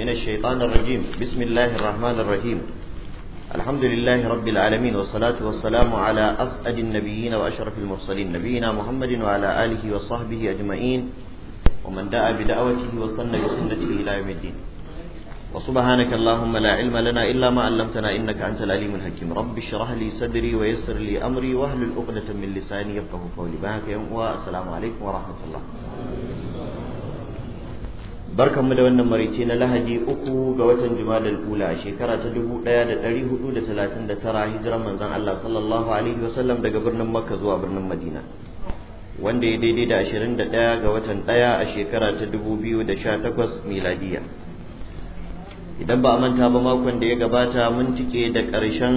من الشيطان الرجيم بسم الله الرحمن الرحيم الحمد لله رب العالمين والصلاة والسلام على أسعد النبيين وأشرف المرسلين نبينا محمد وعلى آله وصحبه أجمعين ومن دعا بدعوته وسن بسنته إلى يوم الدين وسبحانك اللهم لا علم لنا إلا ما علمتنا إنك أنت العليم الحكيم رب اشرح لي صدري ويسر لي أمري واهل الأقلة من لساني يفقه قولي بارك يوم والسلام عليكم ورحمة الله barkanmu da wannan marice na lahadi uku ga watan jumadal ula shekara ta dubu ɗaya da dari hudu da talatin da tara hijiran manzon Allah sallallahu alaihi wasallam daga birnin makka zuwa birnin madina wanda ya daidai da ashirin da ɗaya ga watan ɗaya a shekara ta dubu biyu da sha takwas miladiya idan ba a manta ba makon da ya gabata mun tike da ƙarshen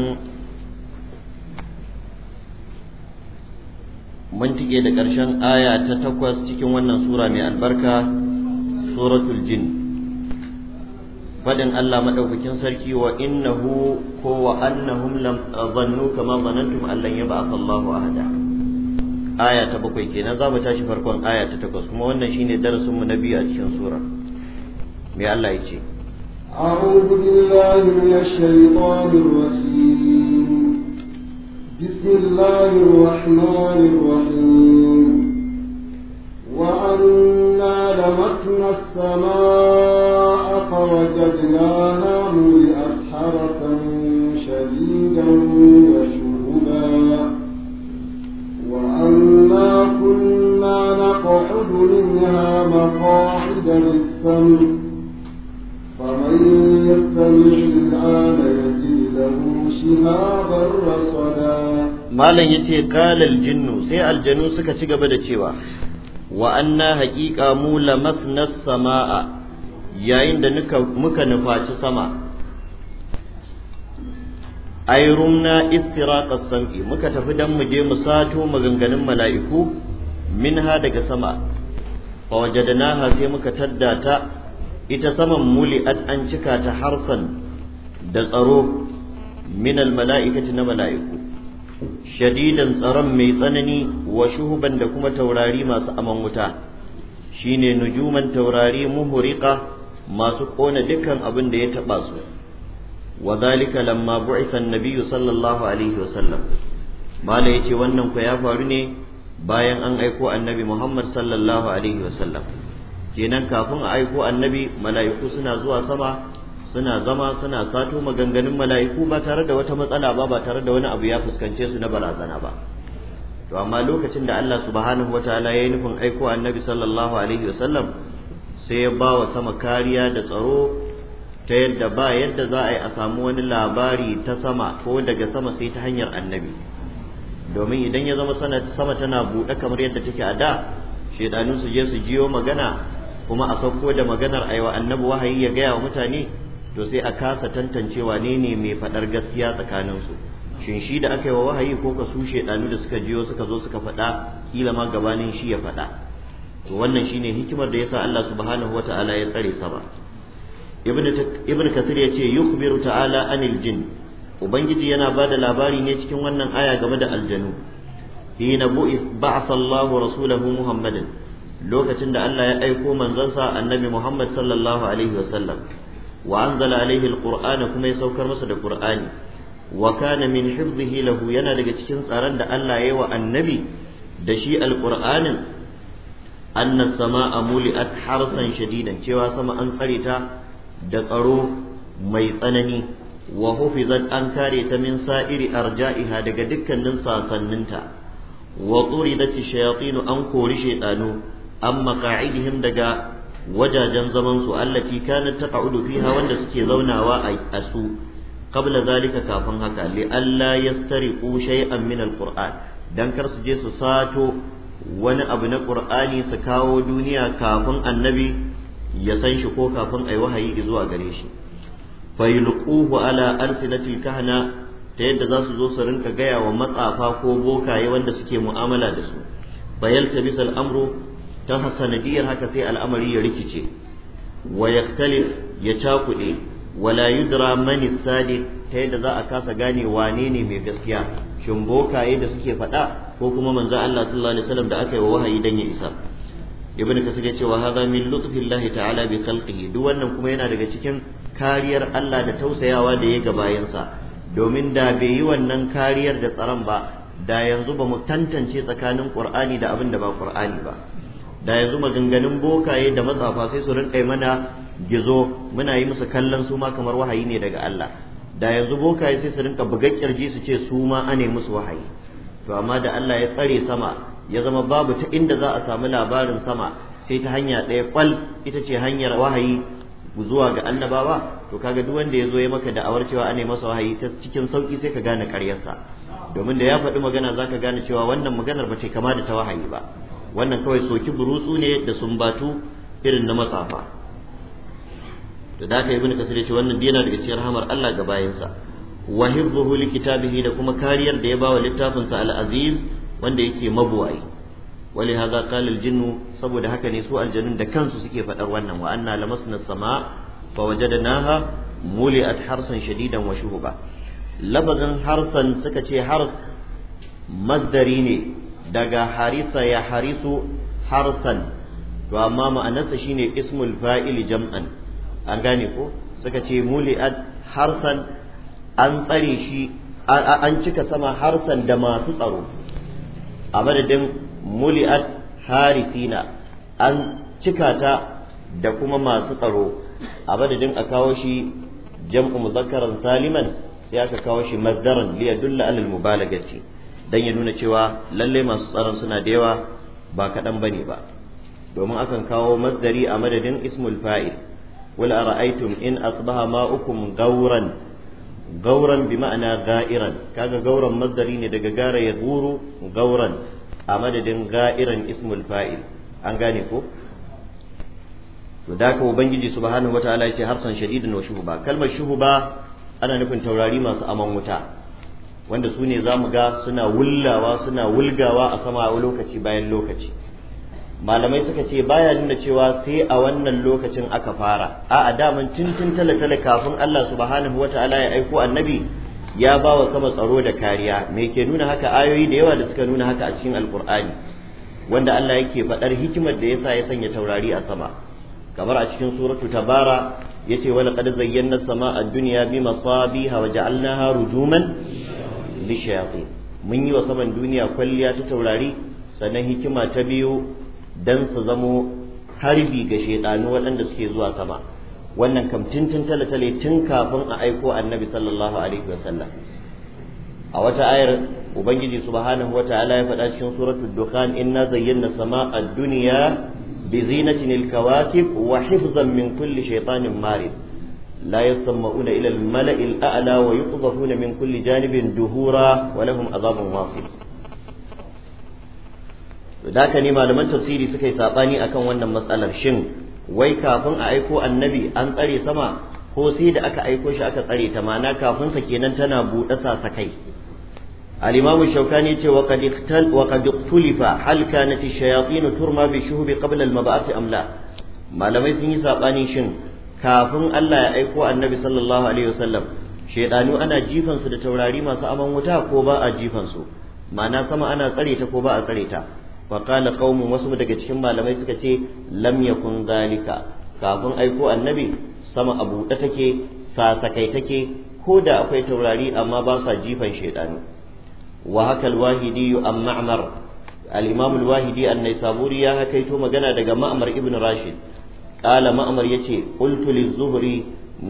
mun tike da ƙarshen aya ta takwas cikin wannan sura mai albarka suratul jin fadin Allah madaukakin sarki wa innahu ko wa annahum lam zannu kama zanantum allan yab'ath Allahu ahada aya ta bakwai kenan za mu tashi farkon aya ta takwas kuma wannan shine darasin mu na biyu a cikin sura me Allah ya ce أعوذ بالله من الشيطان الرجيم بسم الله الرحمن الرحيم وأن إنا لمسنا السماء فوجدناها ملئت حرسا شديدا وشهبا وأنا كنا نقعد منها مقاعد للسمع فمن يستمع الآن يجد له شهابا رصدا malam yace kalal jinnu sai aljanu suka ci gaba da cewa wa anna haƙiƙa mu lamasna sama'a yayin da muka nufaci sama ai rumna istiraqas sam'i muka tafi dan mu je mu sato maganganun mala'iku minha daga sama fa wajadnaha sai muka tadda ta ita saman at an cika ta harsan da tsaro min al mala'ikati na mala'iku shadidan tsaron mai tsanani wa shuhuban da kuma taurari masu aman wuta shine nujuman taurari muhuriqa masu kona dukkan abin da ya taba su wa zalika lamma bu'itha an sallallahu alaihi wa sallam mala yace wannan ku ya faru ne bayan an aiko annabi Muhammad sallallahu alaihi wa sallam kenan kafin a aiko annabi mala'iku suna zuwa sama suna zama suna sato maganganun mala'iku ba tare da wata matsala ba ba tare da wani abu ya fuskance su na barazana ba to amma lokacin da Allah subhanahu wataala ya yi nufin aiko annabi sallallahu alaihi wasallam sai ya ba wa sama kariya da tsaro ta yadda ba yadda za a yi a samu wani labari ta sama ko daga sama sai ta hanyar annabi domin idan ya zama sama tana buɗe kamar yadda take a da shaidanu su je su jiyo magana kuma a sauko da maganar aiwa annabi wahayi ya gaya wa mutane to sai a kasa tantancewa ne ne mai faɗar gaskiya tsakaninsu shin shi da aka yi wa wahayi ko ka su shaidanu da suka jiyo suka zo suka faɗa kila ma gabanin shi ya faɗa to wannan shine hikimar da yasa Allah subhanahu ta'ala ya tsare sa ibn ibn kasir ce, yukhbiru ta'ala anil jin ubangiji yana ba da labari ne cikin wannan aya game da aljanu hina ba'atha Allah rasulahu Muhammadan lokacin da Allah ya aiko manzansa annabi Muhammad sallallahu alaihi sallam. wa anzala alaihi kuma ya saukar masa da qur'ani wa min hifdhihi hilahu yana daga cikin tsaron da Allah ya yi wa annabi da shi alqur'anin anna a muli'at harsan shadidan cewa sama an tsare ta da tsaro mai tsanani wa hufizat an kare ta min sa'iri arja'iha daga dukkanin sasanninta wa turidat ash-shayatin an kori shaytanu amma qa'idihim daga wajajen zaman su allati kanat taqa'udu fiha wanda suke zaunawa a su qabla zalika kafin haka li alla yastariqu shay'an min alquran dan kar su je su sato wani abu na qur'ani su kawo duniya kafin annabi ya san shi ko kafin ayi wahayi zuwa gare shi fa yulquhu ala alsinati kahana ta yadda za su zo su rinka gaya wa matsafa ko bokaye wanda suke mu'amala da su fa yaltabisa al'amru ta sanadiyar haka sai al'amari ya rikice wa ya cakuɗe wala yudra mani sadiq ta yadda za a kasa gane wane ne mai gaskiya shin bokaye da suke faɗa ko kuma manzo Allah sallallahu alaihi wasallam da aka yi wa wahayi dan ya isa ibnu kasir ya ce wa hadha min lutfillahi ta'ala bi khalqihi duk wannan kuma yana daga cikin kariyar Allah da tausayawa da ya ga bayansa domin da bai yi wannan kariyar da tsaron ba da yanzu ba mu tantance tsakanin qur'ani da abin da ba qur'ani ba da yanzu maganganun bokaye da matsafa sai su rinka mana gizo muna yi musu kallon su ma kamar wahayi ne daga Allah da yanzu bokaye sai su rinka buga kirji su ce su ma ane musu wahayi to amma da Allah ya tsare sama ya zama babu ta inda za a samu labarin sama sai ta hanya ɗaya ƙwal ita ce hanyar wahayi zuwa ga annabawa to kaga duk wanda ya zo ya maka da'awar cewa ane masa wahayi ta cikin sauki sai ka gane karyarsa domin da ya faɗi magana za ka gane cewa wannan maganar ba ce kama da ta wahayi ba wannan kawai soki burutsu ne da batu irin na matsafa to da ibn kasir yace wannan yana daga cikin rahamar Allah ga bayansa. wa hibbuhu likitabihi da kuma kariyar da ya bawa littafin sa al-aziz wanda yake mabuwai wali hadha qala al-jinnu saboda haka ne su aljanun da kansu suke fadar wannan wa anna lamasna as-samaa fa wajadnaha muli'at harsan shadidan wa shuhuba Labazan harsan suka ce hars masdari ne daga harisa ya harisu harsan to amma ma'anarsa shine ismul fa'il jam'an an gane ko suka ce muli'at harsan an tsare shi an cika sama harsan da masu tsaro a madadin muli'at harisina an cika ta da kuma masu tsaro a madadin a kawo shi jam'u muzakkaran saliman sai aka kawo shi masdaran liyadulla alal mubalagati dan ya nuna cewa lalle masu tsaron suna da yawa ba kaɗan bane ba domin akan kawo masdari a madadin ismul fa'il wal ara'aytum in asbaha ma'ukum gauran gauran bi ma'ana ga'iran kaga gauran masdari ne daga gara ya guru gauran a madadin ga'iran ismul fa'il an gane ko to da ka ubangiji subhanahu wataala yace harsan shadidin wa shuhuba kalmar shuhuba ana nufin taurari masu aman wuta wanda su ne za mu ga suna wullawa suna wulgawa a sama lokaci bayan lokaci malamai suka ce baya nuna cewa sai a wannan lokacin aka fara a a daman tuntun talatala kafin Allah subhanahu wa ta'ala ya aiko annabi ya ba wa sama tsaro da kariya me ke nuna haka ayoyi da yawa da suka nuna haka a cikin alkur'ani wanda Allah yake faɗar hikimar da ya sa ya sanya taurari a sama kamar a cikin suratu tabara yace Wani ƙadar zayyana as-samaa bi masabiha wa ja'alnaha rujuman lishayatin mun yi wa saman duniya kwalliya ta taurari sannan hikima ta biyu dan su zamo harbi ga shaidanu waɗanda suke zuwa sama wannan kam tale talatale tun kafin a aiko annabi sallallahu alaihi a wata ayar ubangiji subhanahu ta'ala ya faɗa cikin suratul dukhan inna zayyana sama'a ad-dunya bi zinatin al wa hifzan min kulli shaytanin marid لا يسمعون إلى الملأ الأعلى ويقذفون من كل جانب دهورا ولهم عذاب واصب ذاك ne malaman tafsiri suka yi sabani akan wannan matsalar shin wai kafin a aiko annabi an tsare sama ko sai da aka aiko shi aka tsare ta mana kafin sa kenan tana buɗe sasakai al-imam shaukani ce wa qad iqtal wa qad iqtulifa hal kanat ash-shayatin turma bi shuhbi qabla al-mab'ath am la malamai sun yi saɓani shin kafin Allah ya aiko annabi sallallahu alaihi wasallam ana jifan su da taurari masu aman wuta ko ba a jifan su ma'ana sama ana tsare ta ko ba a tsare ta wa qala qaumun wasu daga cikin malamai suka ce lam yakun zalika kafin aiko annabi sama a buɗe take sasakai take ko da akwai taurari amma ba sa jifan shaydanu wa haka alwahidi wahidi an ma'mar al ya hakaito magana daga ma'mar ibn rashid qala ma'mar yace qultu liz-zuhri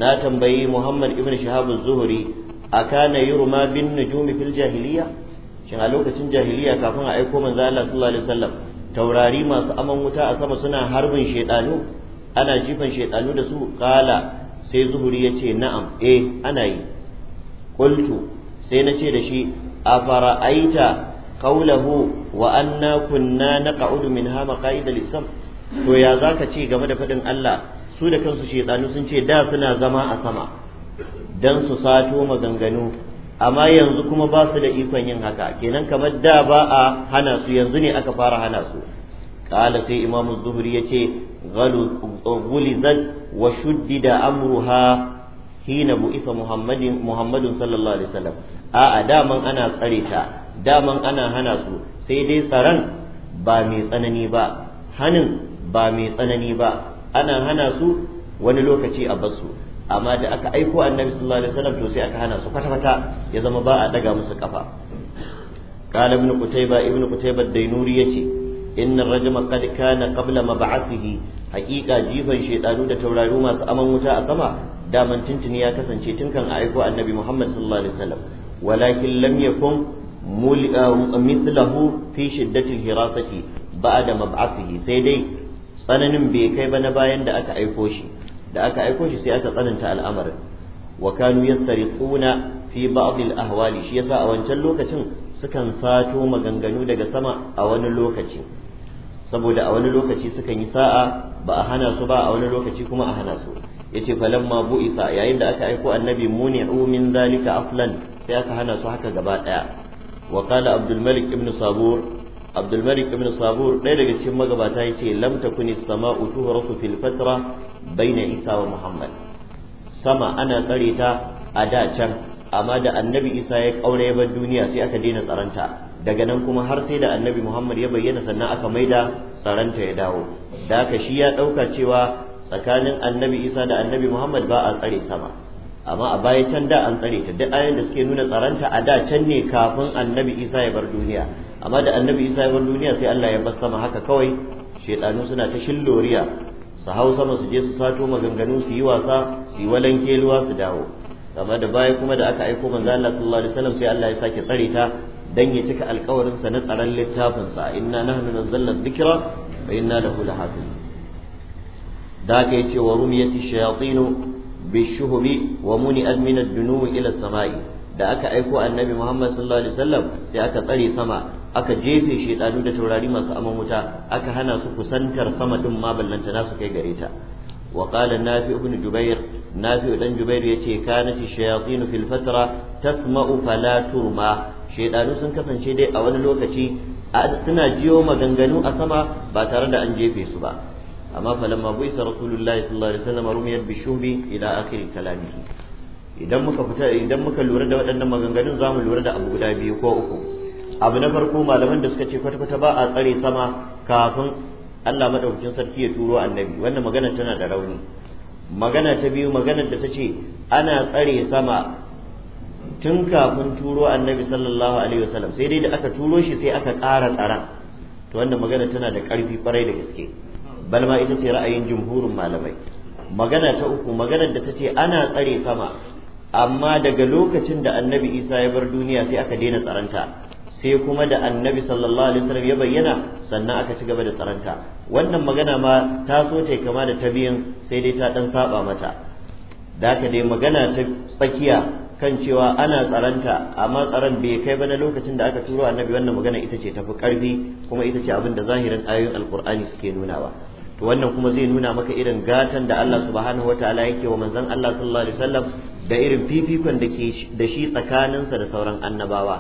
na tambayi muhammad ibn shihab A zuhri akana yurma bin nujumi fil jahiliya shin a lokacin jahiliya kafin a aiko manzo Allah alaihi wasallam taurari masu aman wuta a sama suna harbin shedanu ana jifan shedanu da su qala sai zuhuri yace na'am eh ana yi Ƙultu. sai na ce da shi afara'aita qawlahu wa anna kunna naq'udu min maqa'ida lis-sam' to ya za ka ce game da faɗin Allah su da kansu shaidanu sun ce da suna zama a sama don su sato maganganu amma yanzu kuma ba su da ikon yin haka kenan kamar da ba a hana su yanzu ne aka fara hana su sai قال سي إمام wa shuddi da وشدد أمرها حين بئس محمد muhammadin Sallallahu Alaihi عليه a a'a daman ana tsare ta daman ana hana su sai dai tsaron ba mai tsanani ba hanin ba mai tsanani ba ana hana su wani lokaci a basu amma da aka aiko annabi sallallahu alaihi wasallam to sai aka hana su kwata kwata ya zama ba a daga musu kafa qala ibn qutayba ibn qutayba dainuri yace inna rajma qad kana qabla mab'athihi haqiqa jifan shedanu da taurari masu aman wuta a sama daman tuntuni ya kasance tun kan aiko annabi muhammad sallallahu alaihi wasallam walakin lam yakun ah, mithlahu fi shiddati hirasati ba'da mab'athihi sai dai tsananin bai kai ba na bayan da aka aiko shi da aka aiko shi sai aka tsananta al'amarin wa kanu yastariquna fi ba'd al-ahwali shi yasa a wancan lokacin sukan sato maganganu daga sama a wani lokaci saboda a wani lokaci sukan yi sa'a ba a hana su ba a wani lokaci kuma a hana su yace falamma bu'isa yayin da aka aiko annabi muni'u min zalika Aflan sai aka hana su haka gaba daya wa qala abdul malik ibn sabur abdulmalik ibn sabur ɗaya daga cikin magabata ya ce lam takuni sama'u tuhrasu fil fatra baina isa wa muhammad sama ana tsare ta a da can amma da annabi isa ya kaure bar duniya sai aka daina tsaranta daga nan kuma har sai da annabi muhammad ya bayyana sannan aka maida tsaranta ya dawo da haka shi ya ɗauka cewa tsakanin annabi isa da annabi muhammad ba a tsare sama amma a baya can da an tsare ta duk ayoyin da suke nuna tsaranta a da can ne kafin annabi isa ya bar duniya amma da annabi isa ya duniya sai Allah ya bar sama haka kawai shedanu suna ta shilloriya su hau sama su je su sato maganganu su yi wasa su yi walanke ruwa su dawo amma da baya kuma da aka aiko manzo Allah sallallahu alaihi wasallam sai Allah ya sake tsare ta dan ya cika alƙawarin sa na tsaron littafin sa inna nahnu nazzalna dhikra wa inna lahu lahafiz da ka yace wa rumiyati shayatinu bishuhbi wa muni min ad-dunuwi ila samai da aka aiko annabi Muhammad sallallahu alaihi wasallam sai aka tsare sama aka jefe shedanu da taurari masu aman wuta aka hana su kusantar sama din ma ballanta nasu kai gare ta wa qala nafi ibn jubair nafi dan jubair yace kanat shayatin fil fatra tasma'u fala turma shedanu sun kasance dai a wani lokaci suna jiyo maganganu a sama ba tare da an jefe su ba amma falamma buisa rasulullahi sallallahu alaihi wasallam rumiyat bishubi ila akhir kalamihi idan muka fita idan muka lura da waɗannan maganganun za mu lura da abu guda biyu ko uku abu na farko malaman da suka ce kwata-kwata ba a tsare sama kafin Allah madaukakin sarki ya turo annabi wannan magana tana da rauni magana ta biyu maganar da ta ce ana tsare sama tun kafin turo annabi sallallahu alaihi wasallam sai dai da aka turo shi sai aka ƙara tsara. to wannan magana tana da ƙarfi farai da gaske balma ita ce ra'ayin jumhurin malamai magana ta uku maganar da ta ce ana tsare sama amma daga lokacin da annabi isa ya bar duniya sai aka daina tsaranta sai kuma da annabi sallallahu alaihi wasallam ya bayyana sannan aka ci gaba da tsaranta wannan magana ma ta so ta kama da ta sai dai ta dan saba mata da ka dai magana ta tsakiya kan cewa ana tsaranta amma tsaron bai kai ba na lokacin da aka turo annabi wannan magana ita ce tafi karfi kuma ita ce abin da zahirin ayoyin alkur'ani suke nuna ba, to wannan kuma zai nuna maka irin gatan da Allah subhanahu wataala yake wa manzon Allah sallallahu alaihi wasallam da irin fifikon da ke da shi tsakaninsa da sauran annabawa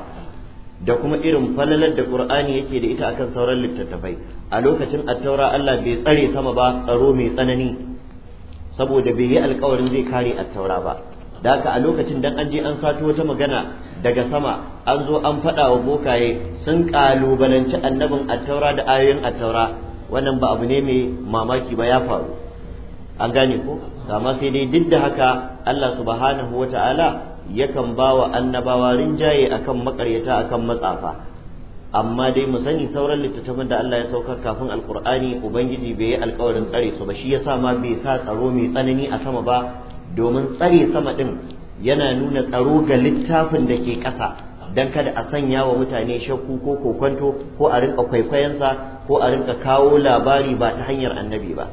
da kuma irin falalar da qur'ani yake da ita akan sauran littattafai a lokacin attaura Allah bai tsare sama ba tsaro mai tsanani saboda bai yi alkawarin zai kare attaura ba da haka a lokacin dan an je an sato wata magana daga sama an zo an faɗa wa bokaye sun kalubalanci annabin attaura da ayoyin attaura wannan ba abu ne mai mamaki ba ya faru an gane ko kama sai dai duk da haka Allah subhanahu wata'ala yakan ba wa annabawa rinjaye akan makaryata akan matsafa amma dai mu sani sauran littattafan da Allah ya saukar kafin alkur'ani ubangiji bai yi alkawarin tsare su ba shi yasa ma bai sa tsaro mai tsanani a sama ba domin tsare sama din yana nuna tsaro ga littafin da ke ƙasa dan kada a sanya wa mutane shakku ko kokonto ko a rinka kwaikwayansa ko a rinka kawo labari ba ta hanyar annabi ba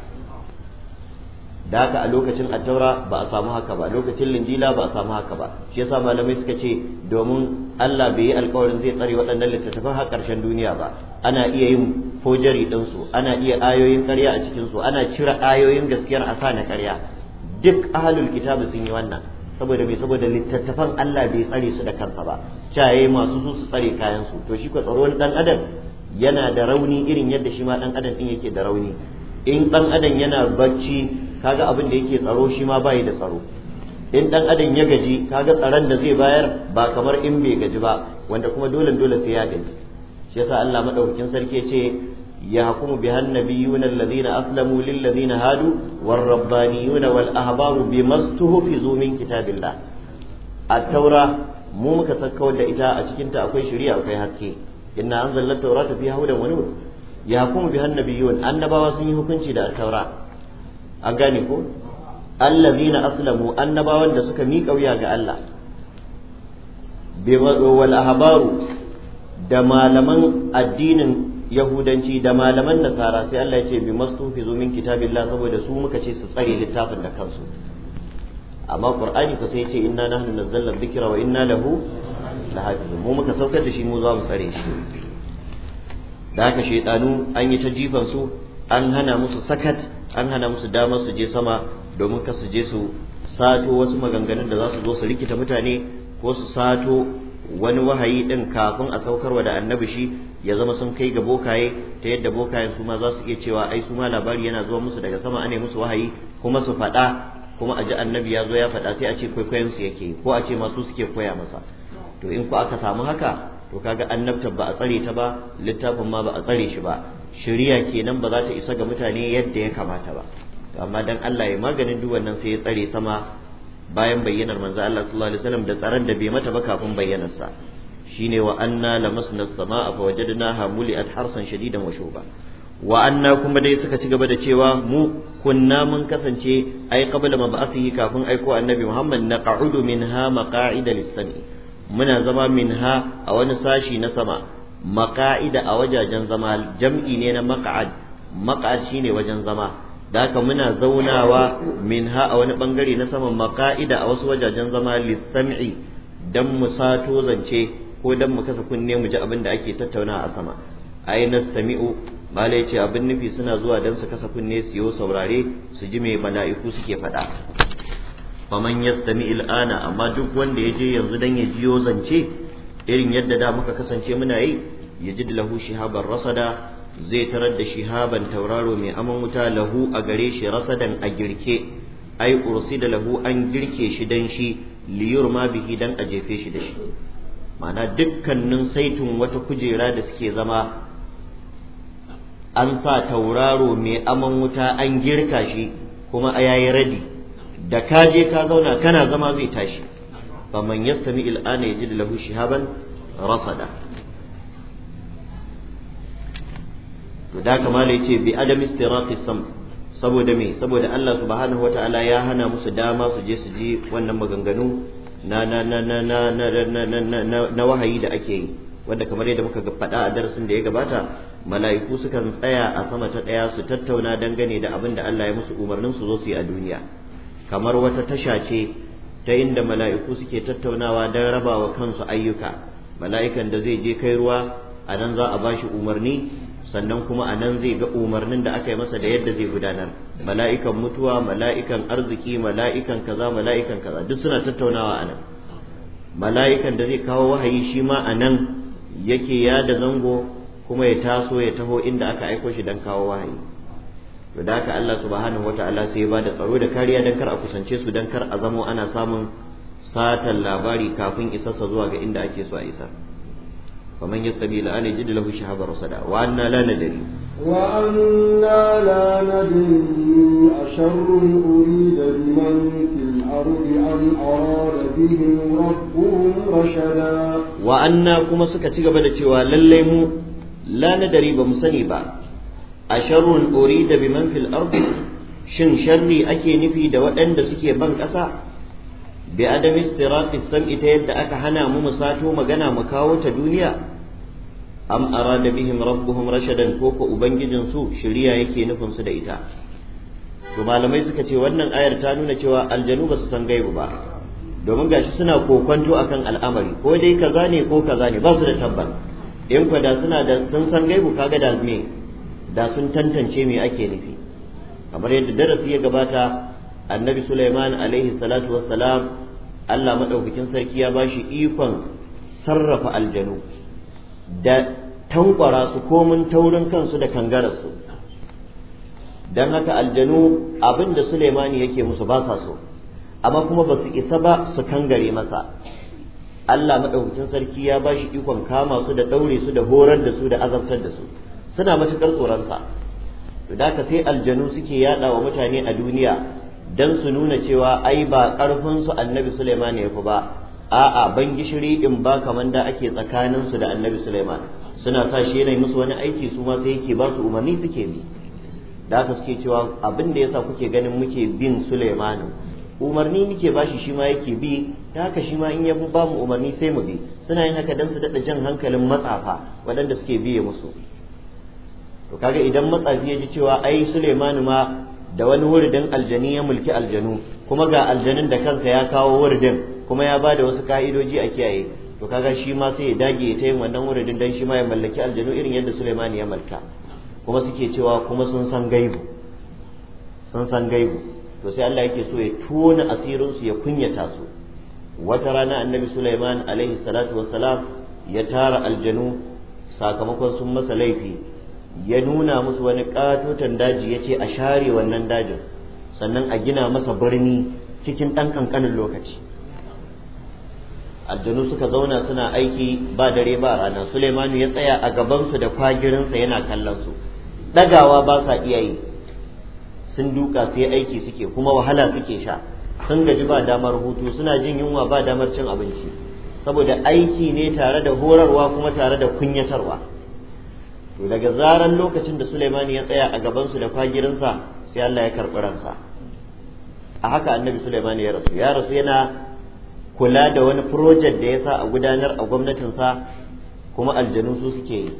da haka a lokacin attaura ba a samu haka ba lokacin linjila ba a samu haka ba shi yasa malamai suka ce domin Allah bai yi alkawarin zai tsare waɗannan littattafan har ƙarshen duniya ba ana iya yin fojari ɗinsu ana iya ayoyin ƙarya a cikin su ana cire ayoyin gaskiyar a sa na ƙarya duk ahalul kitabu sun yi wannan saboda mai saboda littattafan Allah bai tsare su da kansa ba caye masu su su tsare kayan su to shi ko tsaron dan adam yana da rauni irin yadda shi ma dan adam din yake da rauni in ɗan adam yana bacci kaga abin da yake tsaro shi ma bayi da tsaro in dan adam ya gaji kaga tsaron da zai bayar ba kamar in bai gaji ba wanda kuma dole dole sai ya gaji shi yasa Allah madaukakin sarki ya ce يحكم بها النبيون الذين أسلموا للذين هادوا والربانيون والأحبار بما استهفزوا من كتاب الله taura mu muka sakkawar da ita a cikinta akwai shari'a akwai haske inna anzalna tawrata fiha hudan wa nur yahkumu biha an-nabiyyun annabawa sun yi hukunci da at-taura an gane ko allazina aslamu annabawan da suka miƙa wuya ga Allah wal ahbaru da malaman addinin yahudanci da malaman nasara sai Allah ya ce bi mastufizu min kitabillah saboda su muka ce su tsare littafin da kansu amma qur'ani fa sai ya ce inna nahnu nazzalna dhikra wa inna lahu lahafizun mu muka saukar da shi mu za mu tsare shi da haka shaydanu an yi ta jifan su an hana musu sakat an hana musu damar su je sama domin ka su je su sato wasu maganganun da za su zo su rikita mutane ko su sato wani wahayi din kafin a saukarwa da annabi shi ya zama sun kai ga bokaye ta yadda bokaye su ma za su iya cewa ai su ma labari yana zuwa musu daga sama ane musu wahayi kuma su faɗa kuma a ji annabi ya zo ya faɗa sai a ce kwaikwayon su yake ko a ce masu suke koya masa to in ku aka samu haka to kaga annabtar ba a tsare ta ba littafin ma ba a tsare shi ba shari'a kenan ba za ta isa ga mutane yadda ya kamata ba amma dan Allah ya maganin duk wannan sai ya tsare sama bayan bayyanar manzo Allah sallallahu alaihi wasallam da tsaron da bai mata ba kafin bayyanar sa shine wa anna lamasna as-samaa fa wajadnaha muli'at harsan shadidan wa shuba wa anna kuma dai suka ci gaba da cewa mu kunna mun kasance ai qabla mab'asihi kafin aiko annabi Muhammad na qa'udu minha maqa'ida lis-sami muna zama minha a wani sashi na sama Maka'ida a wajajen zama jam'i ne na maq'ad maq'ad shine wajen zama da haka muna zaunawa min ha a wani bangare na saman maka'ida a wasu wajajen zama lissam'i don mu sato zance ko don mu kasa kunne mu ji abin da ake tattauna a sama ai nastami'u bala ce abin nufi suna zuwa don su kasa kunne su yi saurare su ji mai mala'iku suke faɗa faman yastami il'ana amma duk wanda ya je yanzu dan ya jiyo zance irin yadda da muka kasance muna yi yajid lahu shihaban rasada zai tarar da shihaban tauraro mai aman wuta lahu a gare shi rasadan a girke ai ursi da lahu an girke shi dan shi liyur ma bihi dan a jefe shi da shi ma'ana dukkanin saitun wata kujera da suke zama an sa tauraro mai aman wuta an girka shi kuma a yayi radi da kaje ka zauna kana zama zai tashi faman yastami al'ana yajid lahu shihaban rasada to da kama da yace bi adam istiraqi sam saboda me saboda Allah subhanahu wataala ya hana musu dama su je su ji wannan maganganu na wahayi da ake yi wanda kamar yadda muka faɗa a darasin da ya gabata mala'iku sukan tsaya a sama ta ɗaya su tattauna dangane da abin da Allah ya musu umarnin su zo su yi a duniya kamar wata tasha ce ta inda mala'iku suke tattaunawa don raba wa kansu ayyuka mala'ikan da zai je kai ruwa a nan za a ba shi umarni sannan kuma a nan zai ga umarnin da aka yi masa da yadda zai gudanar mala'ikan mutuwa mala'ikan arziki mala'ikan kaza mala'ikan kaza duk suna tattaunawa a nan mala'ikan da zai kawo wahayi shi ma a nan yake ya da zango kuma ya taso ya taho inda aka aiko shi don kawo wahayi to da haka Allah subhanahu wata'ala sai ya bada tsaro da kariya dan kar a kusance su dan kar a zamo ana samun satan labari kafin isarsa zuwa ga inda ake so a isar faman yastabi la an yajid lahu shahabar sada wa anna la nadri wa anna la nadri asharrun urida biman fil ardi an arada bihim rabbuhum rashada wa anna kuma suka ci gaba da cewa lalle mu la nadri ba mu sani ba a sharrun urida biman fil ardi shin sharri ake nufi da waɗanda suke ban ƙasa bi adam istiraqi sam'i ta yadda aka hana mu musato magana mu kawo ta duniya am arada bihim rabbuhum rashadan ko ko ubangijin su shiriya yake nufin su da ita to malamai suka ce wannan ayar ta nuna cewa aljanu ba su san gaibu ba domin gashi suna kokonto akan al'amari ko dai kaza ne ko kaza ne ba su da tabbas in kwada suna da sun san gaibu kaga da me da sun tantance me ake nufi kamar yadda darasi ya gabata annabi Suleiman alaihi salatu wassalam Allah maɗaukakin sarki ya bashi ikon sarrafa aljanu da tankwara su komin taurin kansu da kangararsu don haka aljanu abinda da yake musu ba sa so amma kuma ba su isa ba su kangare masa Allah maɗaukakin sarki ya bashi ikon kama su da ɗaure su da horar da su da azabtar da su suna matukar tsoronsa to da ka sai aljanu suke yada wa mutane a duniya dan su nuna cewa ai ba karfin su annabi Sulaiman ya fi ba a'a ban gishiri din ba kaman da ake tsakanin su da annabi Suleiman, suna sa shi yana musu wani aiki su ma sai yake ba su umarni suke bi da haka suke cewa abin da yasa kuke ganin muke bin Sulaiman umarni muke bashi shi ma yake bi ta haka shi ma in ya ba mu umarni sai mu bi suna yin haka dan su daɗa jan hankalin matsafa waɗanda suke biye musu to kaga idan matsafi ya ji cewa ai sulaiman ma da wani wuridin aljani ya mulki aljanu kuma ga aljanin da kansa ya kawo wuridin kuma ya bada wasu ka'idoji a kiyaye to kaga shi ma sai ya dage ya taimaka wannan wuridin dan shi ma ya mallaki aljanu irin yadda Suleiman ya mulka kuma suke cewa kuma sun san gaibu sun san gaibu to sai Allah yake so ya tona asirin su ya kunyata su wata rana annabi Sulaiman alaihi salatu wassalam ya tara aljanu sakamakon sun masa laifi ya nuna musu wani katotan daji ya ce a share wannan dajin sannan a gina masa birni cikin ɗan ƙanƙanin lokaci aljanu suka zauna suna aiki ba dare ba rana suleimanu ya tsaya a gabansu da kwagirinsa yana kallon su ɗagawa ba sa iya yi sun duka sai aiki suke kuma wahala suke sha sun gaji ba damar hutu suna jin yunwa ba damar cin abinci saboda aiki ne tare da horarwa kuma tare da kunyatarwa to daga zaran lokacin da Sulaimani ya tsaya a gabansu da kwagirinsa sai Allah ya karɓi ransa a haka annabi Sulaimani ya rasu ya rasu yana kula da wani project da ya sa a gudanar a gwamnatinsa kuma aljanu su suke yi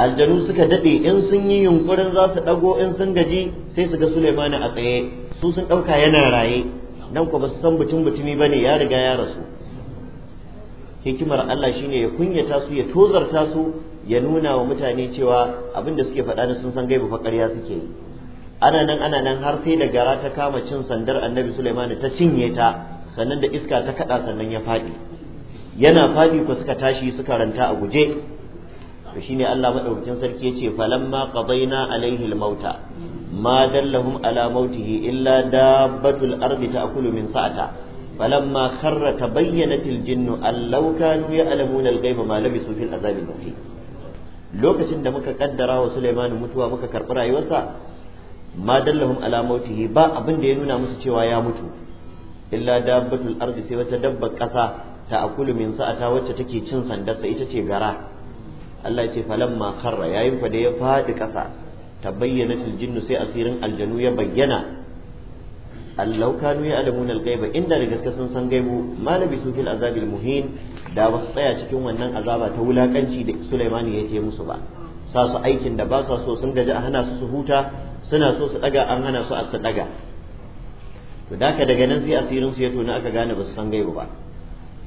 aljanu suka daɗe in sun yi yunkurin za su ɗago in sun gaji sai su ga Sulaimani a tsaye su sun ɗauka yana raye nan kuma ba su san mutum mutumi ba ya riga ya rasu hikimar Allah shine ya kunyata su ya tozarta su ya nuna wa mutane cewa abin da suke faɗa na sun san gaibu faƙar ya suke yi ana nan ana nan har sai da gara ta kama cin sandar annabi Sulaiman ta cinye ta sannan da iska ta kaɗa sannan ya faɗi yana faɗi ko suka tashi suka ranta a guje to shine Allah madaukakin sarki yace falamma qadayna alaihi almauta ma dallahum ala mautihi illa dabbatul ardi ta'kulu min sa'ata فلما خر تبينت الجن أن لو كانوا يعلمون الغيب ما لبثوا في العذاب المحيط lokacin da muka kaddara wa Sulaiman mutuwa muka karɓi rayuwarsa ma dallahum ala mautihi ba abin da ya nuna musu cewa ya mutu illa dabbatul ardi sai wata dabbar ƙasa ta akulu min sa'ata wacce take cin sandarsa ita ce gara Allah ya ce falamma kharra yayin fa da ya faɗi ƙasa bayyana jinnu sai asirin aljanu ya bayyana allau kanu ya na algaiba inda da gaske sun san gaibu malabi su fil azabil muhin da ba tsaya cikin wannan azaba ta wulakanci da sulaimani ya ce musu ba sa su aikin da ba sa so sun gaji a hana su su huta suna so su daga an hana su a su daga to daka daga nan sai asirin su ya tona aka gane ba su san gaibu ba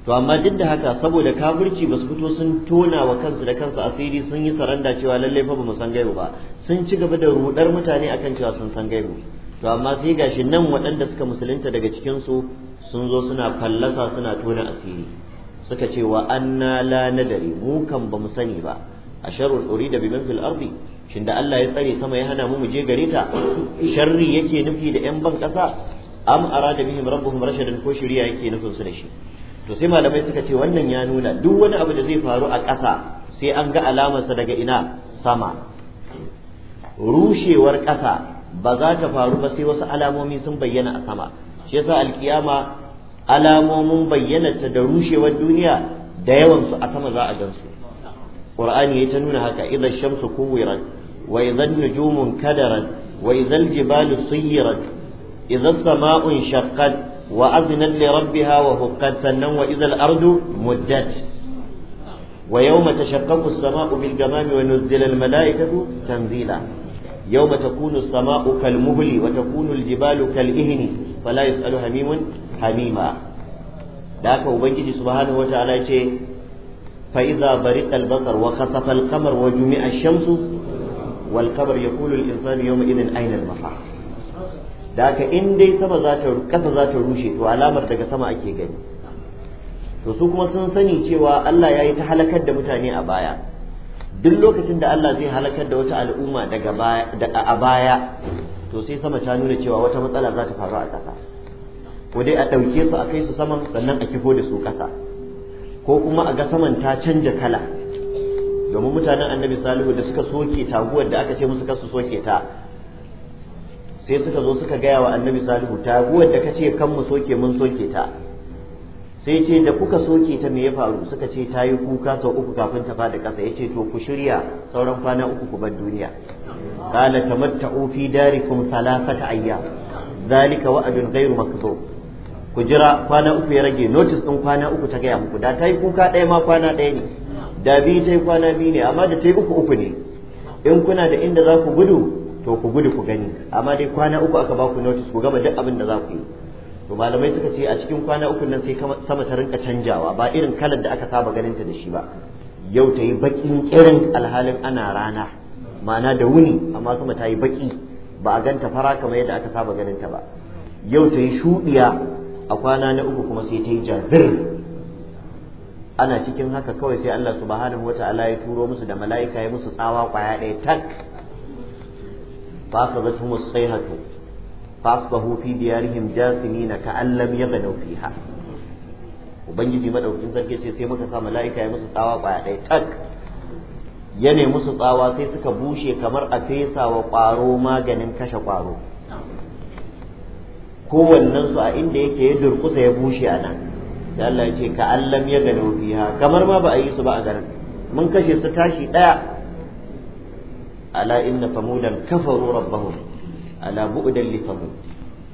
to amma duk da haka saboda kafirci ba su fito sun tona wa kansu da kansu asiri sun yi saranda cewa lallai fa ba mu san gaibu ba sun ci gaba da rudar mutane akan cewa sun san gaibu to amma sai gashi nan waɗanda suka musulunta daga cikin su sun zo suna fallasa suna tona asiri suka ce wa anna la nadari mu kan ba mu sani ba a sharrul urida bi fil ardi shin da Allah ya tsare sama ya hana mu mu je gare ta sharri yake nufi da yan ban kasa am arada bihim rabbuhum rashadan ko shiriya yake nufin su da shi to sai malamai suka ce wannan ya nuna duk wani abu da zai faru a kasa sai an ga alamarsa daga ina sama rushewar ƙasa ba za ta faru ba sai wasu alamomi sun bayyana a sama shi yasa alkiyama alamomin bayyanarta da rushewar duniya da yawan su a sama za a gansu qur'ani yayi ta nuna haka idan shamsu kuwirat wa idan nujumun kadarat wa idan jibalu suyirat idan sama'u shaqqat wa aznat li rabbiha wa huqqat sannan wa idan ardu muddat ويوم تشقق السماء بالغمام ونزل الملائكة تنزيلا Yau takunu as-sama'u kal-muhli wa takunu jibalu kal-ihni fala yas'alu hamimun hamima da haka ubangiji subhanahu wataala yace fa idza bariqa al-basar wa khasafa al-qamar wa jumi'a ash-shamsu wal qamar yaqulu al-insanu yawma idhin ayna al-mafar da haka in dai sama za kasa za ta rushe to alamar daga sama ake gani to su kuma sun sani cewa Allah ya yi ta halakar da mutane a baya duk lokacin da Allah zai halakar da wata al'umma daga a baya to sai sama ta nuna cewa wata matsala za ta faru a ƙasa ko dai a ɗauke su a kai su saman sannan a kifo da su ƙasa ko kuma a ga saman ta canja kala domin mutanen annabi salihu da suka soke taguwar da aka ce musu kasu soke ta sai suka zo suka gaya wa annabi salihu taguwar da kace kan mu soke mun soke ta sai ce da kuka soke ta me ya faru suka ce ta yi kuka sau uku kafin ta fada kasa ya ce to ku shirya sauran kwana uku ku bar duniya ta qala tamatta'u fi darikum thalathata ayya zalika wa'adun gairu makdhub ku jira kwana uku ya rage notis din kwana uku ta gaya muku da ta yi kuka ɗaya ma kwana ɗaya ne da biyu ta yi kwana biyu ne amma da ta yi uku uku ne in kuna da inda za ku gudu to ku gudu ku gani amma dai kwana uku aka ba ku notice ku gama duk abin da za ku yi to malamai suka ce a cikin kwana uku nan sai sama ta rinka canjawa ba irin kalar da aka saba ganinta da shi ba yau ta yi baƙin kirin alhalin ana rana ma'ana da wuni amma sama ta yi baƙi ba a ganta fara kamar yadda aka saba ganinta ba yau ta yi shuɗiya a kwana na uku kuma sai ta yi jazir ana cikin haka kawai sai Allah subhanahu wata'ala ya turo musu da mala'ika ya musu tsawa kwaya ɗaya tak fa ka zatu musaihatu fasbahu fi diyarihim jasimina ta'allam yaghdaw fiha ubangiji madaukakin sarki ce sai muka sa mala'ika ya musu tsawa kwaya ɗaya tak ya ne musu tsawa sai suka bushe kamar a fesa wa ƙwaro maganin kashe ƙwaro kowannen su a inda yake ya durkusa ya bushe a nan sai Allah ya ce ka allam ya gano fiha kamar ma ba a yi su ba a garin mun kashe su tashi ɗaya ala inna samudan kafaru rabbahum ala bu'dan li samud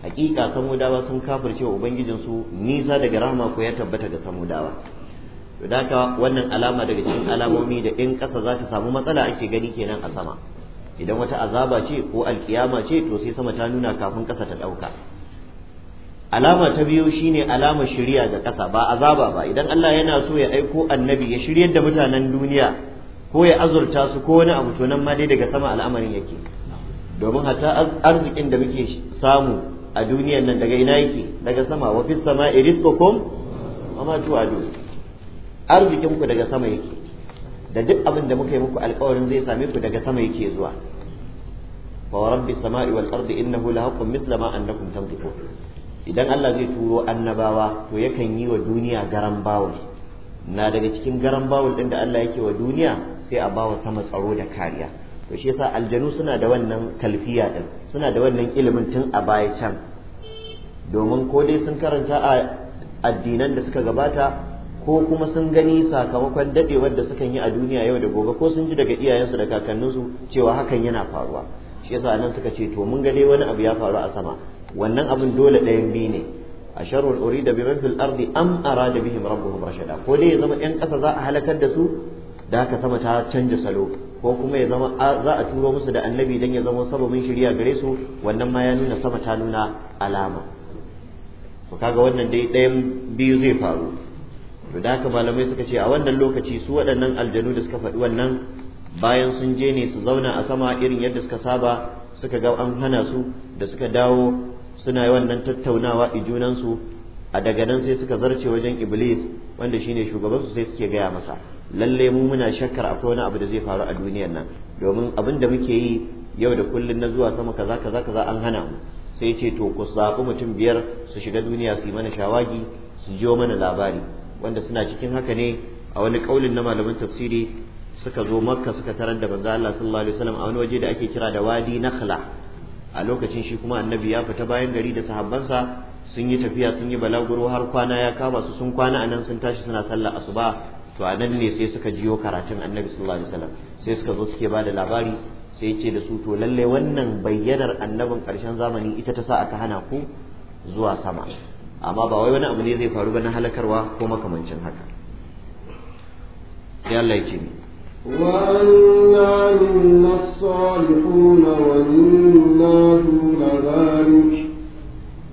hakika samudawa sun kafirce wa ubangijinsu nisa daga rahama ko ya tabbata ga samudawa to haka wannan alama daga cikin alamomi da in ƙasa za ta samu matsala ake gani kenan a sama idan wata azaba ce ko alkiyama ce to sai sama ta nuna kafin kasa ta ɗauka alama ta biyu shine alama shirya ga ƙasa ba azaba ba idan Allah yana so ya aiko annabi ya shiryar da mutanen duniya ko ya azurta su ko wani abu to nan ma dai daga sama al'amarin yake domin hata arzikin da muke samu a duniyar nan daga ina yake daga sama wa fis sama'i rizqukum wa ma tu'adun arzikin ku daga sama yake da duk abin da muka yi muku alƙawarin zai same ku daga sama yake zuwa fa rabbi sama'i wal ardi innahu lahaqqun mithla ma annakum tantiqun idan Allah zai turo annabawa to yakan yi wa duniya garan bawul na daga cikin garan bawul din da Allah yake wa duniya sai a bawa sama tsaro da kariya to shi yasa aljanu suna da wannan kalfiya din suna da wannan ilimin tun a baya can domin ko dai sun karanta a addinan da suka gabata ko kuma sun gani sakamakon dadewar da sukan yi a duniya yau da gobe ko sun ji daga iyayensu da kakanninsu cewa hakan yana faruwa shi yasa nan suka ce to mun ga dai wani abu ya faru a sama wannan abin dole ɗayan biyu ne a sharul urida bi rabbil ardi am arada bihim rabbuhum rashada ko dai ya zama yan ƙasa za a halakar da su da haka sama ta canja salo ko kuma ya zama za a turo musu da annabi dan ya zama sababin shirya gare su wannan ma ya nuna sama ta nuna alama to kaga wannan dai ɗayan biyu zai faru to da haka malamai suka ce a wannan lokaci su waɗannan aljanu da suka faɗi wannan bayan sun je ne su zauna a sama irin yadda suka saba suka ga an hana su da suka dawo suna yi wannan tattaunawa a junansu a daga nan sai suka zarce wajen iblis wanda shine shugabansu sai suke gaya masa lallai mu muna shakkar akwai wani abu da zai faru a duniyar nan domin abin da muke yi yau da kullun na zuwa sama kaza kaza kaza an hana mu sai ce to ku zaɓi mutum biyar su shiga duniya su yi mana shawagi su jiyo mana labari wanda suna cikin haka ne a wani ƙaulin na malamin tafsiri suka zo makka suka tarar da banza Allah sallallahu alaihi wasallam a wani waje da ake kira da wadi nakhla a lokacin shi kuma annabi ya fita bayan gari da sahabbansa sun yi tafiya sun yi balaguro har kwana ya kama su sun kwana a nan sun tashi suna sallar asuba to anan ne sai suka jiyo karatun annabi sallallahu alaihi wasallam sai suka zo suke bada labari sai yace da su to lalle wannan bayyanar annabin karshen zamani ita ta sa aka hana ku zuwa sama amma ba wai wani abu ne zai faru ba na halakarwa ko makamancin haka sai Allah ya ce وأنا منا الصالحون ومنا دون ذلك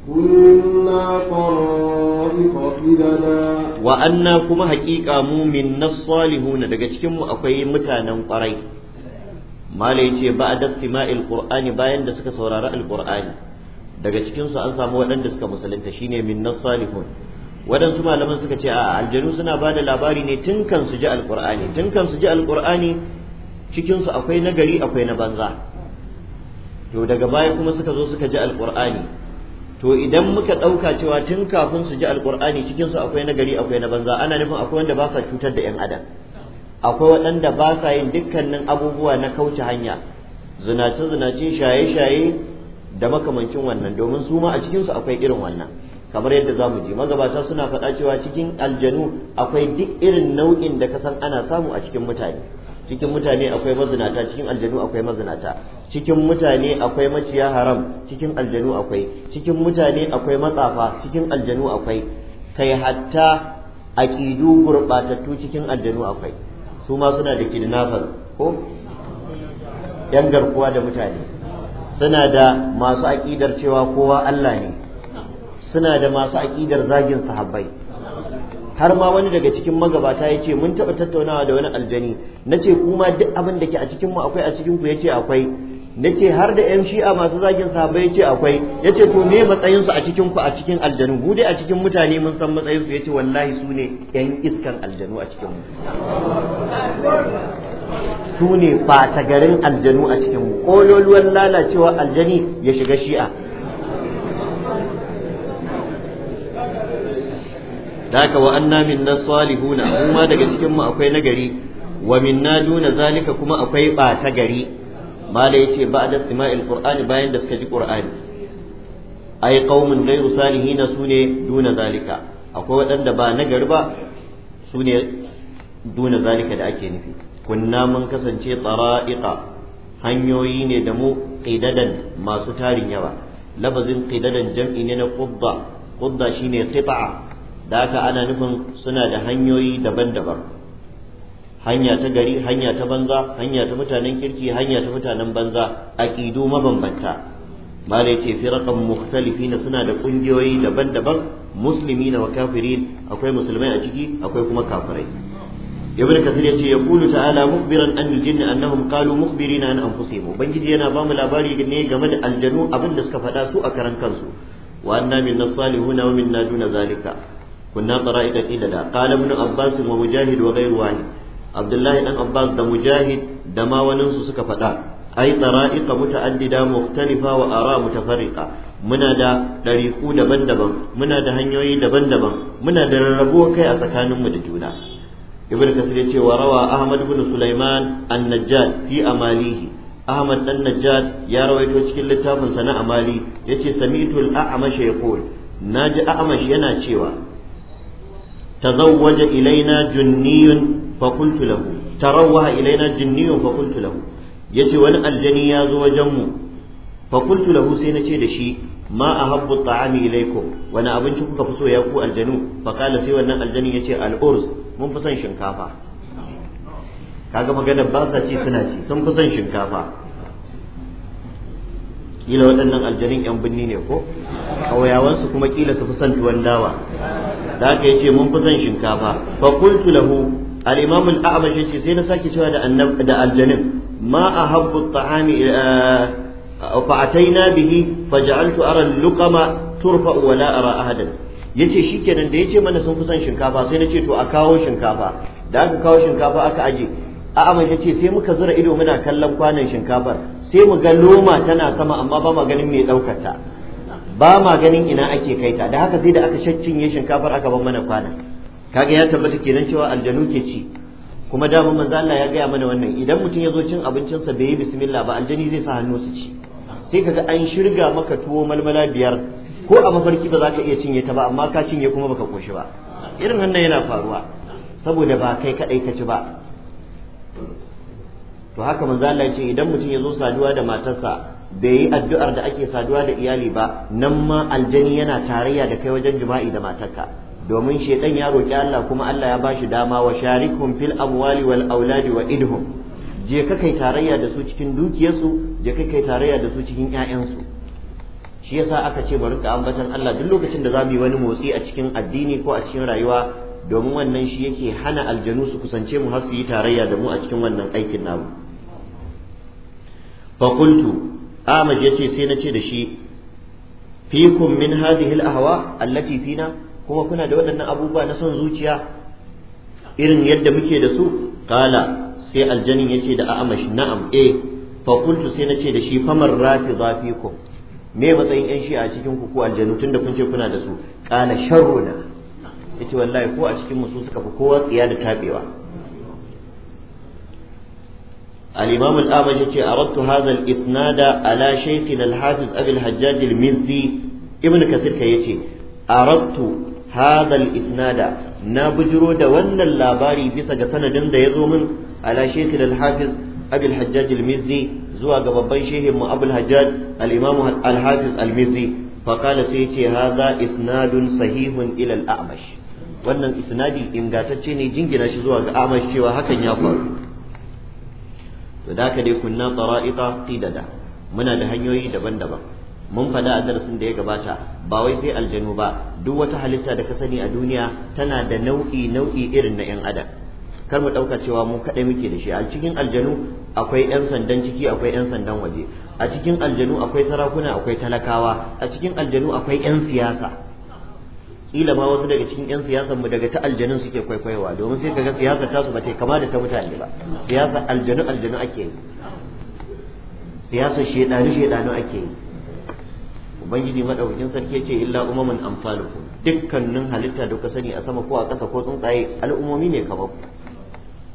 كنا طرائق wa anna kuma haƙiƙa mu min salihuna daga cikinmu akwai mutanen ƙwarai mala yace ba da istima'il qur'ani bayan da suka saurari alƙur'ani. daga cikinsu an samu waɗanda suka musulunta shine min salihun waɗansu malaman suka ce a aljanu suna ba da labari ne tun kan su ji alƙur'ani. tun kan su ji alƙur'ani, cikinsu akwai nagari akwai na banza to daga baya kuma suka zo suka ji alƙur'ani. to idan muka ɗauka cewa tun kafin su ji alƙur'ani cikin su akwai nagari akwai na banza ana nufin akwai wanda ba sa cutar da 'yan adam akwai waɗanda ba sa yin dukkanin abubuwa na kauce hanya zinace zinace shaye shaye da makamancin wannan domin su ma a cikin su akwai irin wannan kamar yadda za mu ji magabata suna faɗa cewa cikin aljanu akwai duk irin nau'in da ka san ana samu a cikin mutane cikin mutane akwai mazinata cikin aljanu akwai mazinata cikin mutane akwai maciya haram cikin aljanu akwai cikin mutane akwai matsafa cikin aljanu akwai kai hatta aqidu gurbatattu cikin aljanu akwai su ma suna da kidnappers ko yan garkuwa da mutane suna da masu aqidar cewa kowa Allah ne suna da masu aqidar zagin sahabbai har ma wani daga cikin magabata ya ce mun taɓa tattaunawa da wani aljani na ce kuma duk abin da ke a cikin mu akwai a cikin ku ya ce akwai na ce har da yan shi'a masu zagin sahabai ya ce akwai ya ce to me matsayin su a cikin ku a cikin aljanu mu dai a cikin mutane mun san matsayin su ya ce wallahi su ne yan iskan aljanu a cikin mu su ne fata garin aljanu a cikin mu kololuwan lalacewa aljani ya shiga shi'a daka wa anna minna salihuna mu daga cikin mu akwai nagari wa minna duna zalika kuma akwai ɓata gari mala yace ba'da istima'il qur'ani bayan da suka ji qur'ani ai qaumun ghairu salihina sune duna zalika akwai waɗanda ba nagari ba sune duna zalika da ake nufi kunna mun kasance tsara'iqa hanyoyi ne da mu qidadan masu tarin yawa labazin qidadan jam'i ne na qudda qudda shine qita'a da haka ana nufin suna da hanyoyi daban-daban hanya ta gari hanya ta banza hanya ta mutanen kirki hanya ta mutanen banza aqidu mabambanta malai ce firaqan mukhtalifina suna da kungiyoyi daban-daban na wa kafirin akwai musulmai a ciki akwai kuma kafirai ibn ya yace yaqulu ta'ala mukhbiran an al-jinna annahum qalu mukhbirina an anfusihim ubangiji yana ba mu labari ne game da aljanu abinda suka faɗa su a karan kansu wa anna minna salihuna wa minna duna zalika kunna tsara'ika qidada qala ibn abbas wa mujahid wa ghayru wahid abdullahi ɗan abbas da mujahid da mawaninsu suka faɗa ai tsara'iqa muta'addida mukhtalifa wa ara mutafarriqa muna da ɗariƙu daban-daban muna da hanyoyi daban-daban muna da rarrabuwar kai a tsakaninmu da juna ibn kasir ya ce wa rawa ahmad ibn sulaiman an-najjad fi amalihi ahmad dan najjad ya rawaito cikin littafin sa na amali yace sami'tu al-a'mash yaqul naji a'mash yana cewa تزوج إلينا جني فقلت له تروه إلينا جني فقلت له يجي ون الجني يا وجمو فقلت له سينتي دشي ما أحب الطعام إليكم وانا أبن شكوك فسو يكو الجنو فقال سوى أن الجني يجي الأرز من فسن شنكافا kaga مغانا باسا تي ci suna ci sun fi kila waɗannan aljanin yan binni ne ko ƙauyawansu kuma kila su fi son tuwon dawa da haka yace mun fi son shinkafa fa qultu lahu al-imam al-a'mash yace sai na sake cewa da annab da aljanin ma ahabbu at-ta'ami eh, fa ataina bihi faj'altu ara al-luqama turfa wa la ara ahadan yace shikenan da yace mana sun fi son shinkafa sai na ce to a kawo shinkafa da aka kawo shinkafa aka aje a'amash yace sai muka zura ido muna kallon kwanan shinkafar sai mu ga loma tana sama amma ba ma ganin mai ɗaukata ba ma ganin ina ake kaita da haka sai da aka cinye shinkafar aka bar mana kwana kaga ya tabbata kenan cewa aljanu ke ci kuma dama manzo Allah ya gaya mana wannan idan mutum ya zo cin sa bai yi bismillah ba aljani zai sa hannu su ci sai kaga an shirga maka tuwo malmala biyar ko a mafarki ba za ka iya cinye ta ba amma ka cinye kuma baka koshi ba irin wannan yana faruwa saboda ba kai kadai ka ci ba to haka manzo Allah ce idan mutum ya zo saduwa da matarsa bai yi addu'ar da ake saduwa da iyali ba nan ma aljani yana tarayya da kai wajen jima'i da matarka domin shedan ya roki Allah kuma Allah ya bashi dama wa sharikum fil amwali wal auladi wa idhum je ka kai tarayya da su cikin dukiyarsu je ka kai tarayya da su cikin ƴaƴansu shi yasa aka ce mu rika ambatan Allah duk lokacin da zamu yi wani motsi a cikin addini ko a cikin rayuwa domin wannan shi yake hana aljanu su kusance mu har su yi tarayya da mu a cikin wannan aikin namu faƙultu amaj ya ce sai na ce da shi fikum min hadhihi al-ahwa allati fina kuma kuna da waɗannan abubuwa na son zuciya irin yadda muke da su kala sai aljanin yace da amash na'am eh faƙultu sai na ce da shi famar rafida fikum me matsayin yan shi a cikin ku ko aljanu tunda kun ce kuna da su kala sharruna yace wallahi ko a cikin mu su suka fi kowa tsiya da tabewa الإمام الآبجي أردت هذا الإسناد على شيخنا الحافظ أبي الحجاج المزي ابن كثير كيتي أردت هذا الإسناد نبجرو دون اللاباري بسا سند دا يزومن على شيخنا الحافظ أبي الحجاج المزي زوا قببين شيخهم أبو الحجاج الإمام الحافظ المزي فقال سيتي هذا إسناد صحيح إلى الأعمش wannan isnadi ingantacce ne jingina shi zuwa ga amash cewa hakan ya faru to da ka dai kunna tara'iqa qidada muna da hanyoyi daban-daban mun faɗa a darasin da ya gabata ba wai sai aljanu ba duk wata halitta da ka sani a duniya tana da nau'i nau'i irin na yan adam kar mu ɗauka cewa mu kaɗai muke da shi a cikin aljanu akwai 'yan sandan ciki akwai 'yan sandan waje a cikin aljanu akwai sarakuna akwai talakawa a cikin aljanu akwai 'yan siyasa kila ma wasu daga cikin yan siyasar mu daga ta aljanun suke kwaikwayowa domin sai kaga siyasa ta su bace kama da ta mutane ba siyasa aljanu aljanu ake yi siyasa shedanu shedanu ake yi ubangiji madaukakin sarki yace illa umamun amsalukum dukkanin halitta da kuka sani a sama ko a ƙasa ko tsuntsaye al'umomi ne kamar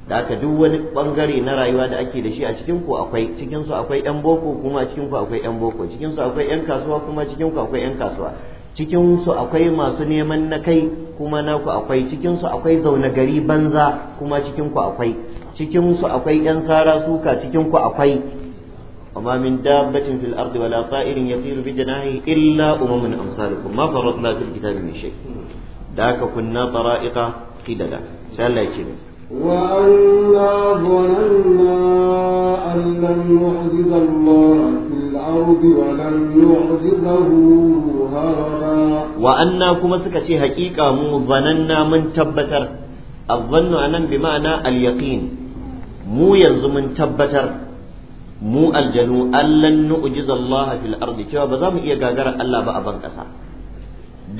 da aka duk wani bangare na rayuwa da ake da shi a cikin ku akwai cikin su akwai yan boko kuma a cikin ku akwai yan boko cikin su akwai yan kasuwa kuma cikin ku akwai yan kasuwa cikin su akwai masu neman na kai kuma naku akwai cikin su akwai zaune gari banza kuma cikin ku akwai cikin su akwai yan sara suka cikin ku akwai وما من دابة في الأرض ولا طائر يطير بجناحه إلا أمم أمثالكم ما فرطنا في الكتاب من شيء ذاك كنا طرائق قددا سأل الله وأنا ظننا أن لن نعجز الله الأرض ولن يعجزه هربا وأنا كما سكتي حقيقة مو ظننا من تبتر الظن أنا بمعنى اليقين مو ينزم تبتر mu aljanu allan nu'jiz Allah fil ardi cewa ba za mu iya gagara Allah ba a ban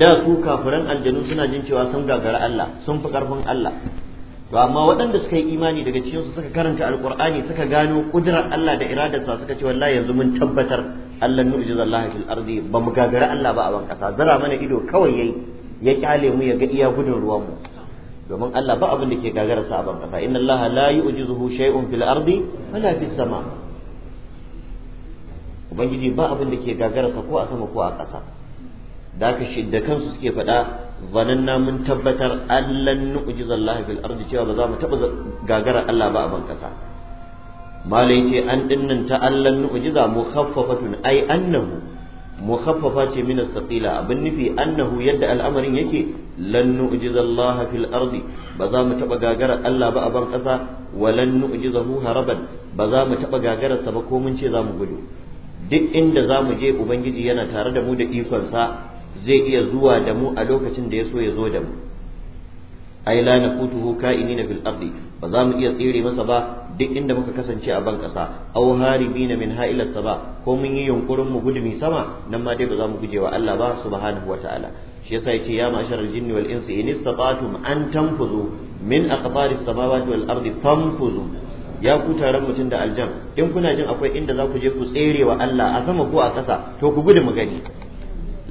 da su kafiran aljanu suna jin cewa sun gagara Allah sun fi ƙarfin Allah to amma waɗanda suka yi imani daga cikinsu suka karanta alqur'ani suka gano kudrar Allah da iradarsa suka ce wallahi yanzu mun tabbatar Allah nu'jiz Allah fil ardi ba mu gagara Allah ba a ban kasa zara mana ido kawai yayi ya kyale mu ya ga iya gudun ruwan mu domin Allah ba abin da ke gagararsa a ban kasa inna Allah la yu'jizuhu shay'un fil ardi wala fis sama ubangiji ba abin da ke gagararsa ko a sama ko a ƙasa da ka haka da kansu suke faɗa zananna mun tabbatar allan nu'jiza Allah bil ardi cewa ba za mu taba gagara Allah ba a ban kasa malai ce an dinnan ta allan nu'jiza mukhaffafatun ai annahu mukhaffafa ce min as-saqila abin nufi annahu yadda al'amarin yake lan nu'jiza Allah fil ardi ba za mu taba gagara Allah ba a ban kasa walan nu'jizahu haraban ba za mu taba gagararsa ba ko mun ce za mu gudu duk inda za mu je ubangiji yana tare da mu da ikonsa zai iya zuwa da mu a lokacin da ya so ya zo da mu ai la nafutuhu ka'inina fil ardi ba za mu iya tsere masa ba duk inda muka kasance a ban kasa aw haribina min ha'ilas saba ko mun yi yunkurin mu gudumi sama nan ma dai ba za mu guje wa Allah ba subhanahu wataala shi yasa yace ya ma'sharal jinni wal insi in istata'tum an tanfuzu min aqtaris samawati wal ardi fanfuzu ya ku taron mutum da aljan in kuna jin akwai inda za ku je ku tsere wa Allah a sama ko a kasa to ku gudu mu gani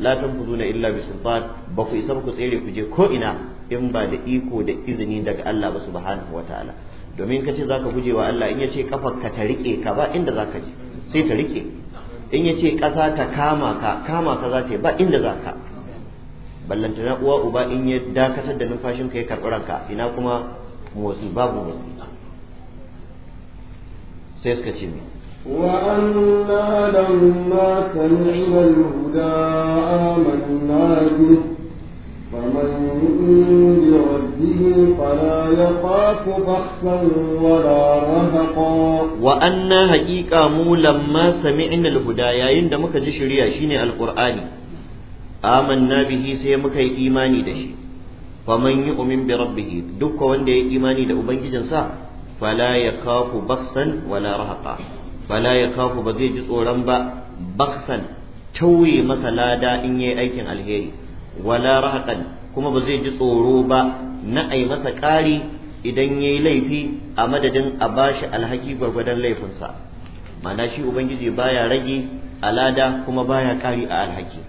la tanfuzuna illa bi sultan ba ku isa ku tsere ku je ko ina in ba da iko da izini daga Allah ba subhanahu wataala domin ka ce zaka guje wa Allah in yace kafar ka ta rike ka ba inda zaka je sai ta rike in yace kasa ta kama ka kama ka za ta ba inda zaka ballantana uwa uba in ya dakatar da numfashin ka ya karɓi ranka ina kuma motsi babu motsi sai suka ce mai وأنا لما سمعنا الهدى آمنا به فمن يؤمن بربه فلا يخاف بخسا ولا رهقا وأنا حقيقة مو لما سمعنا الهدى يا يند مكة جشريا شيني القرآن آمنا به سيمك إيماني دشي فمن يؤمن بربه دك وند إيماني لأبنجي جنسا فلا يخاف بخسا ولا رهقا fala ya kafu ba zai ji tsoron ba baksan tauye masa lada in yayi aikin alheri wala rahaqan kuma ba zai ji tsoro ba na ai masa ƙari idan yayi laifi a madadin a bashi alhaki gwargwadon laifinsa mana shi ubangiji baya rage alada kuma baya ƙari a alhaki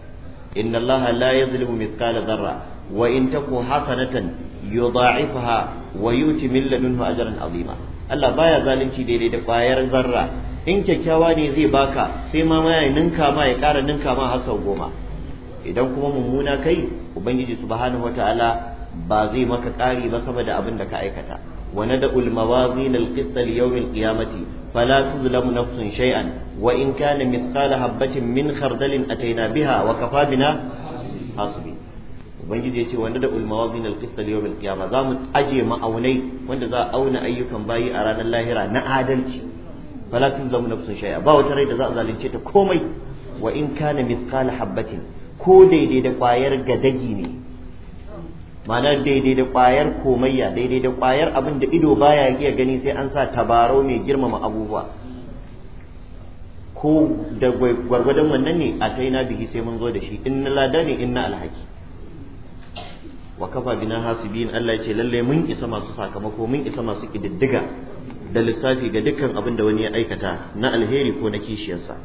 inna allaha la yuzlimu Miskala dharra wa in taku hasanatan yudha'ifaha wa yuti min ladunhu ajran azima Allah baya zalunci daidai da kwayar zarra in kyakkyawa ne zai baka sai ma ma ya ninka ma ya ƙara ninka ma har sau goma idan kuma mummuna kai ubangiji subhanahu wataala ba zai maka ƙari ba saboda abin da ka aikata wa nad'ul mawazin al-qist li yawm al-qiyamati fala tuzlamu nafsun shay'an wa in kana mithqala habatin min khardalin ataina biha wa kafa bina ubangiji ya ce wanda da ulmawazin alqista li yawmil za mu aje ma'aunai wanda za a auna ayyukan bayi a ranar lahira na adalci fala tuzlamu nafsun shay'a ba wata rai da za a zalunce ta komai wa in kana mithqala habatin ko daidai da kwayar gadagi ne ma'ana daidai da kwayar komayya daidai da kwayar abin da ido baya iya gani sai an sa tabarau mai girmama abubuwa ko da gwargwadon wannan ne a taina bihi sai mun zo da shi in na lada ne in na alhaki wa kafa bina hasibin Allah yace lalle mun isa masu sakamako mun isa masu kididdiga da lissafi ga dukkan abin da wani ya aikata na alheri ko na kishiyarsa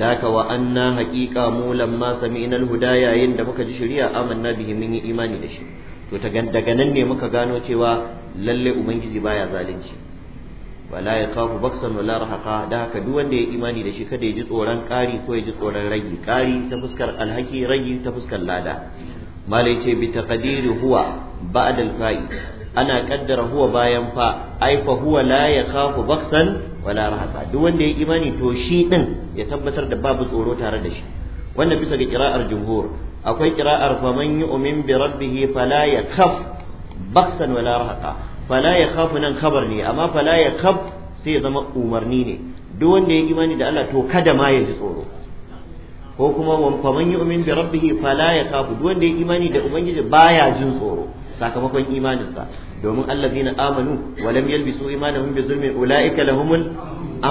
daka wa anna haqiqa mu lamma sami'na alhuda yayin da muka ji shari'a amanna bihi mun yi imani da shi to daga nan ne muka gano cewa lalle ubangiji baya zalunci wala ya kafu baksan wala rahaka da haka duk wanda ya imani da shi kada ya ji tsoron kari ko ya ji tsoron ragi kari ta fuskar alhaki ragi ta fuskar lada malai ce bi taqdiri huwa ba'da al-fa'i ana kaddara huwa bayan fa ai fa huwa la yakhafu baksan wala rahaba duk wanda ya imani to shi din ya tabbatar da babu tsoro tare da shi wannan bisa ga qira'ar jumhur akwai qira'ar fa man yu'min bi rabbih fala yakhaf baksan wala rahaqa fala nan khabar ne amma fala sai ya zama umarni ne duk wanda ya imani da Allah to kada ma ya ji tsoro ko kuma faman yu'min bi rabbih fala yakhafu duk wanda ya imani da ubangiji baya jin tsoro sakamakon imaninsa domin allazina amanu wa lam yalbisu imanahum bi zulmin ulaika lahumul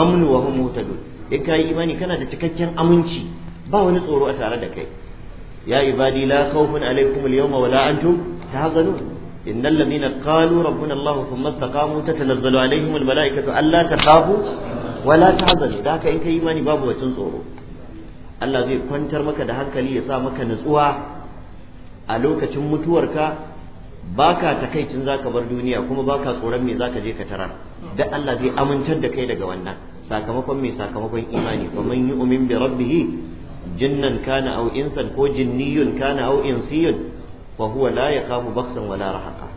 amn wa hum muhtadun in ka yi imani kana da cikakken aminci ba wani tsoro a tare da kai ya ibadi la khawfun alaykum al-yawma wa la antum tahzanun إن الذين قالوا ربنا الله ثم استقاموا تتنزل عليهم الملائكة ألا تخافوا ولا تحزنوا ذاك إن كيماني باب وتنصروا Allah zai kwantar maka da hankali ya sa maka nutsuwa a lokacin mutuwarka ba baka takaicin zaka bar duniya kuma ba ka tsoron me zaka je ka tarar da Allah zai amintar da kai daga wannan sakamakon me sakamakon imani fa yi yu'min bi rabbih jinnan kana aw insan ko jinniyun kana aw insiyun fa huwa la yaqamu baksan wala rahaqa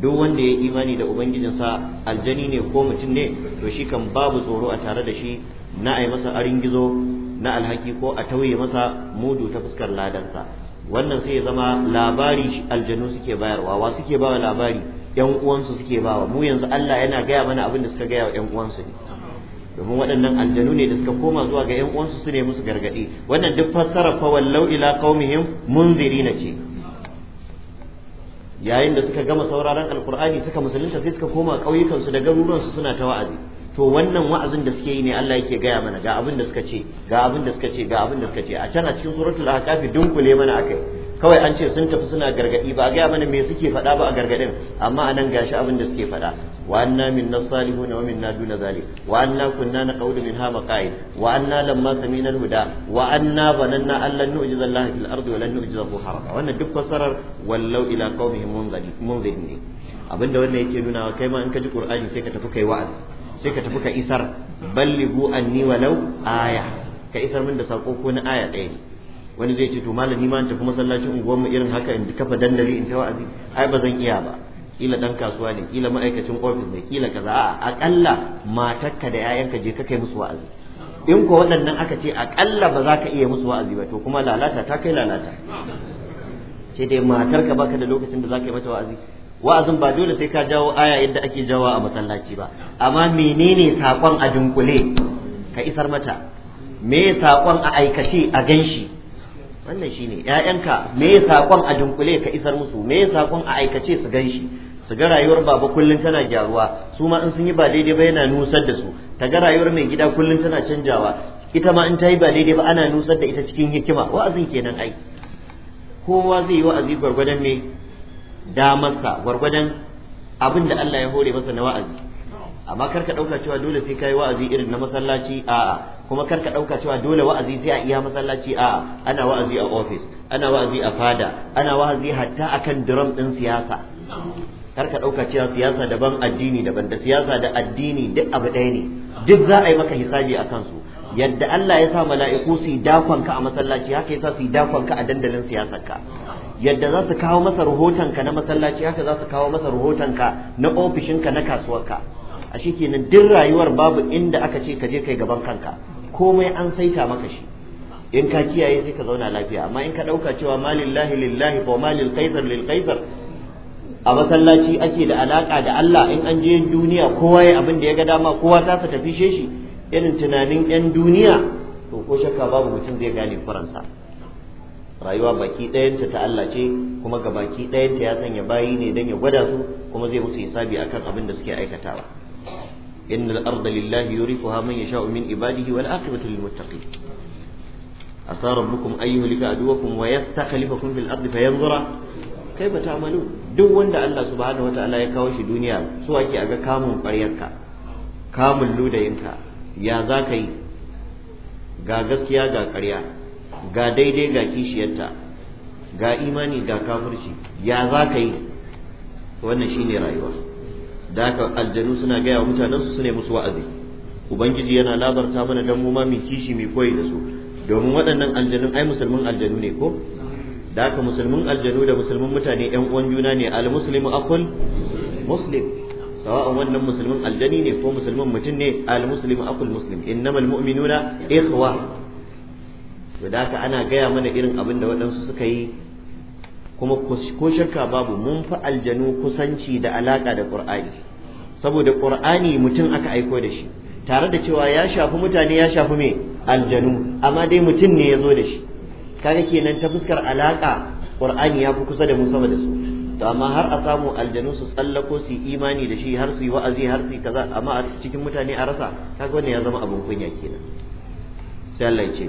duk wanda ya imani da ubangijinsa aljani ne ko mutum ne to shi kan babu tsoro a tare da shi na ai masa arin gizo na alhaki ko a tauye masa mudu ta fuskar ladansa wannan sai ya zama labari aljanu suke bayarwa wa suke bawa labari yan uwansu suke bawa mu yanzu Allah yana gaya mana abin da suka gaya wa yan uwansu ne domin waɗannan aljanu ne da suka koma zuwa ga yan uwansu su ne musu gargaɗi wannan duk fassara fa wallau ila qaumihim munzirina ce yayin da suka gama sauraron alkur'ani suka musulunta sai suka koma ƙauyukansu da garuruwansu suna ta wa'azi to wannan wa'azin da suke yi ne Allah yake gaya mana ga abin da suka ce ga abin da suka ce ga abin da suka ce a can a cikin suratul ahqaf dunkule mana akai kawai an ce sun tafi suna gargadi ba gaya mana me suke faɗa ba a gargadin amma anan gashi abin da suke faɗa wa anna minna salihuna wa minna duna zalik wa anna kunna naqulu minha maqaid wa anna lamma samina alhuda wa anna bananna allan nu'jiza Allah fil ardi wa lan nu'jiza haraba wannan duk fasarar wallau ila qaumihim munzidin abinda wannan yake nuna kai ma in ka ji qur'ani sai ka tafi kai wa'azi sai ka tafi ka isar ballighu anni walau aya ka isar min da sako ko na aya ɗaya wani zai ce to malami ma tafi masallacin unguwar mu irin haka in kafa dandali in ta wa'azi ai ba zan iya ba kila dan kasuwa ne kila ma'aikacin ofis ne kila kaza a akalla matarka da 'ya'yanka je ka kai musu wa'azi in ko waɗannan aka ce akalla ba za ka iya musu wa'azi ba to kuma lalata ta kai lalata sai dai matarka baka da lokacin da za ka yi mata wa'azi wa'azin ba dole sai ka jawo aya yadda ake jawo a masallaci ba amma menene sakon a dunkule ka isar mata me sakon a aikace a ganshi wannan shine ƴaƴanka me sakon a dunkule ka isar musu me sakon a aikace su ganshi su ga rayuwar baba kullum tana gyaruwa su ma in sun yi ba daidai ba yana nusar da su ta ga rayuwar mai gida kullun tana canjawa ita ma in ta yi ba daidai ba ana nusar da ita cikin hikima wa'azin kenan ai kowa zai yi wa'azi gwargwadon me damarsa gwargwadon abin da Allah ya hore masa na wa'azi amma kar ka ɗauka cewa dole sai kai wa'azi irin na masallaci a'a kuma kar ka ɗauka cewa dole wa'azi sai a iya masallaci a'a ana wa'azi a ofis ana wa'azi a fada ana wa'azi hatta akan drum ɗin siyasa kar ka ɗauka cewa siyasa daban addini daban da siyasa da addini duk abu ɗaya ne duk za a yi maka hisabi a kansu yadda Allah ya sa mala'iku su yi ka a masallaci haka ya sa su yi ka a dandalin ka. yadda za su kawo masa rahotonka na masallaci haka za su kawo masa rahotonka na ofishinka na kasuwarka a shi kenan duk rayuwar babu inda aka ce ka je kai gaban kanka komai an saita maka shi in ka kiyaye sai ka zauna lafiya amma in ka ɗauka cewa malillahi lillahi lillahi malil qaisar lil qaisar a masallaci ake da alaka da Allah in an je duniya kowa ya abin da ya ga dama kowa ta tafi shi irin tunanin yan duniya to ko shakka babu mutum zai gane faransa rayuwa baki ɗayanta ta Allah ce kuma ga baki ɗayanta ya sanya bayi ne don ya gwada su kuma zai musu hisabi akan abin da suke aikatawa innal arda lillahi yurithuha man yasha'u min ibadihi wal aqibatu lil muttaqin asa rabbukum ay yuhlika aduwakum wa yastakhlifakum fil ardi fayanzura kaifa ta'malun duk wanda Allah subhanahu wataala ya kawo shi duniya su ake aga kamun ƙaryarka kamun ludayinka ya za ka yi ga gaskiya ga ƙarya ga daidai ga kishiyarta ga imani ga kafirci ya za ka yi wannan shine rayuwa da haka aljanu suna gaya wa mutanensu su ne musu wa'azi ubangiji yana labarta mana dan mu ma mu kishi mu koyi da su domin waɗannan aljanun ai musulmin aljanu ne ko da haka musulmin aljanu da musulmin mutane yan uwan juna ne al muslimu akhul muslim sawa'an wannan musulmin aljani ne ko musulmin mutum ne al muslimu akhul muslim innamal mu'minuna ikhwa to da ana gaya mana irin abin da waɗansu suka yi kuma ko shakka babu mun fi aljanu kusanci da alaƙa da ƙur'ani saboda ƙur'ani mutum aka aiko da shi tare da cewa ya shafi mutane ya shafi me aljanu amma dai mutum ne ya zo da shi kaga kenan ta fuskar alaƙa ƙur'ani ya fi kusa da mu sama da su to amma har a samu aljanu su tsallako su imani da shi har su yi wa'azi har su kaza amma a cikin mutane a rasa kaga wannan ya zama abin kunya kenan sai Allah ya ce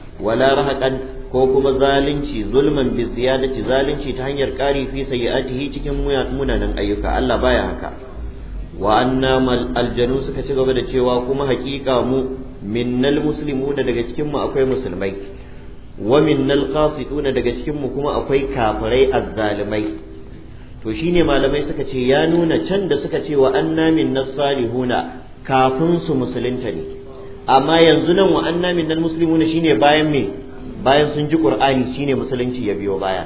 wala rahaqan ko kuma zalunci zulman bi ziyadati zalunci ta hanyar ƙari fi sayyi'atihi cikin munanan ayyuka Allah baya haka wa anna aljanu suka ci gaba da cewa kuma haƙiƙa mu minnal muslimuna daga cikin mu akwai musulmai wa minnal qasituna daga cikin mu kuma akwai kafirai azzalimai to shine malamai suka ce ya nuna can da suka ce wa anna minnas salihuna kafin su musulunta ne amma yanzu nan wa anna minnal muslimuna shine bayan me bayan sun ji qur'ani shine musulunci ya biyo baya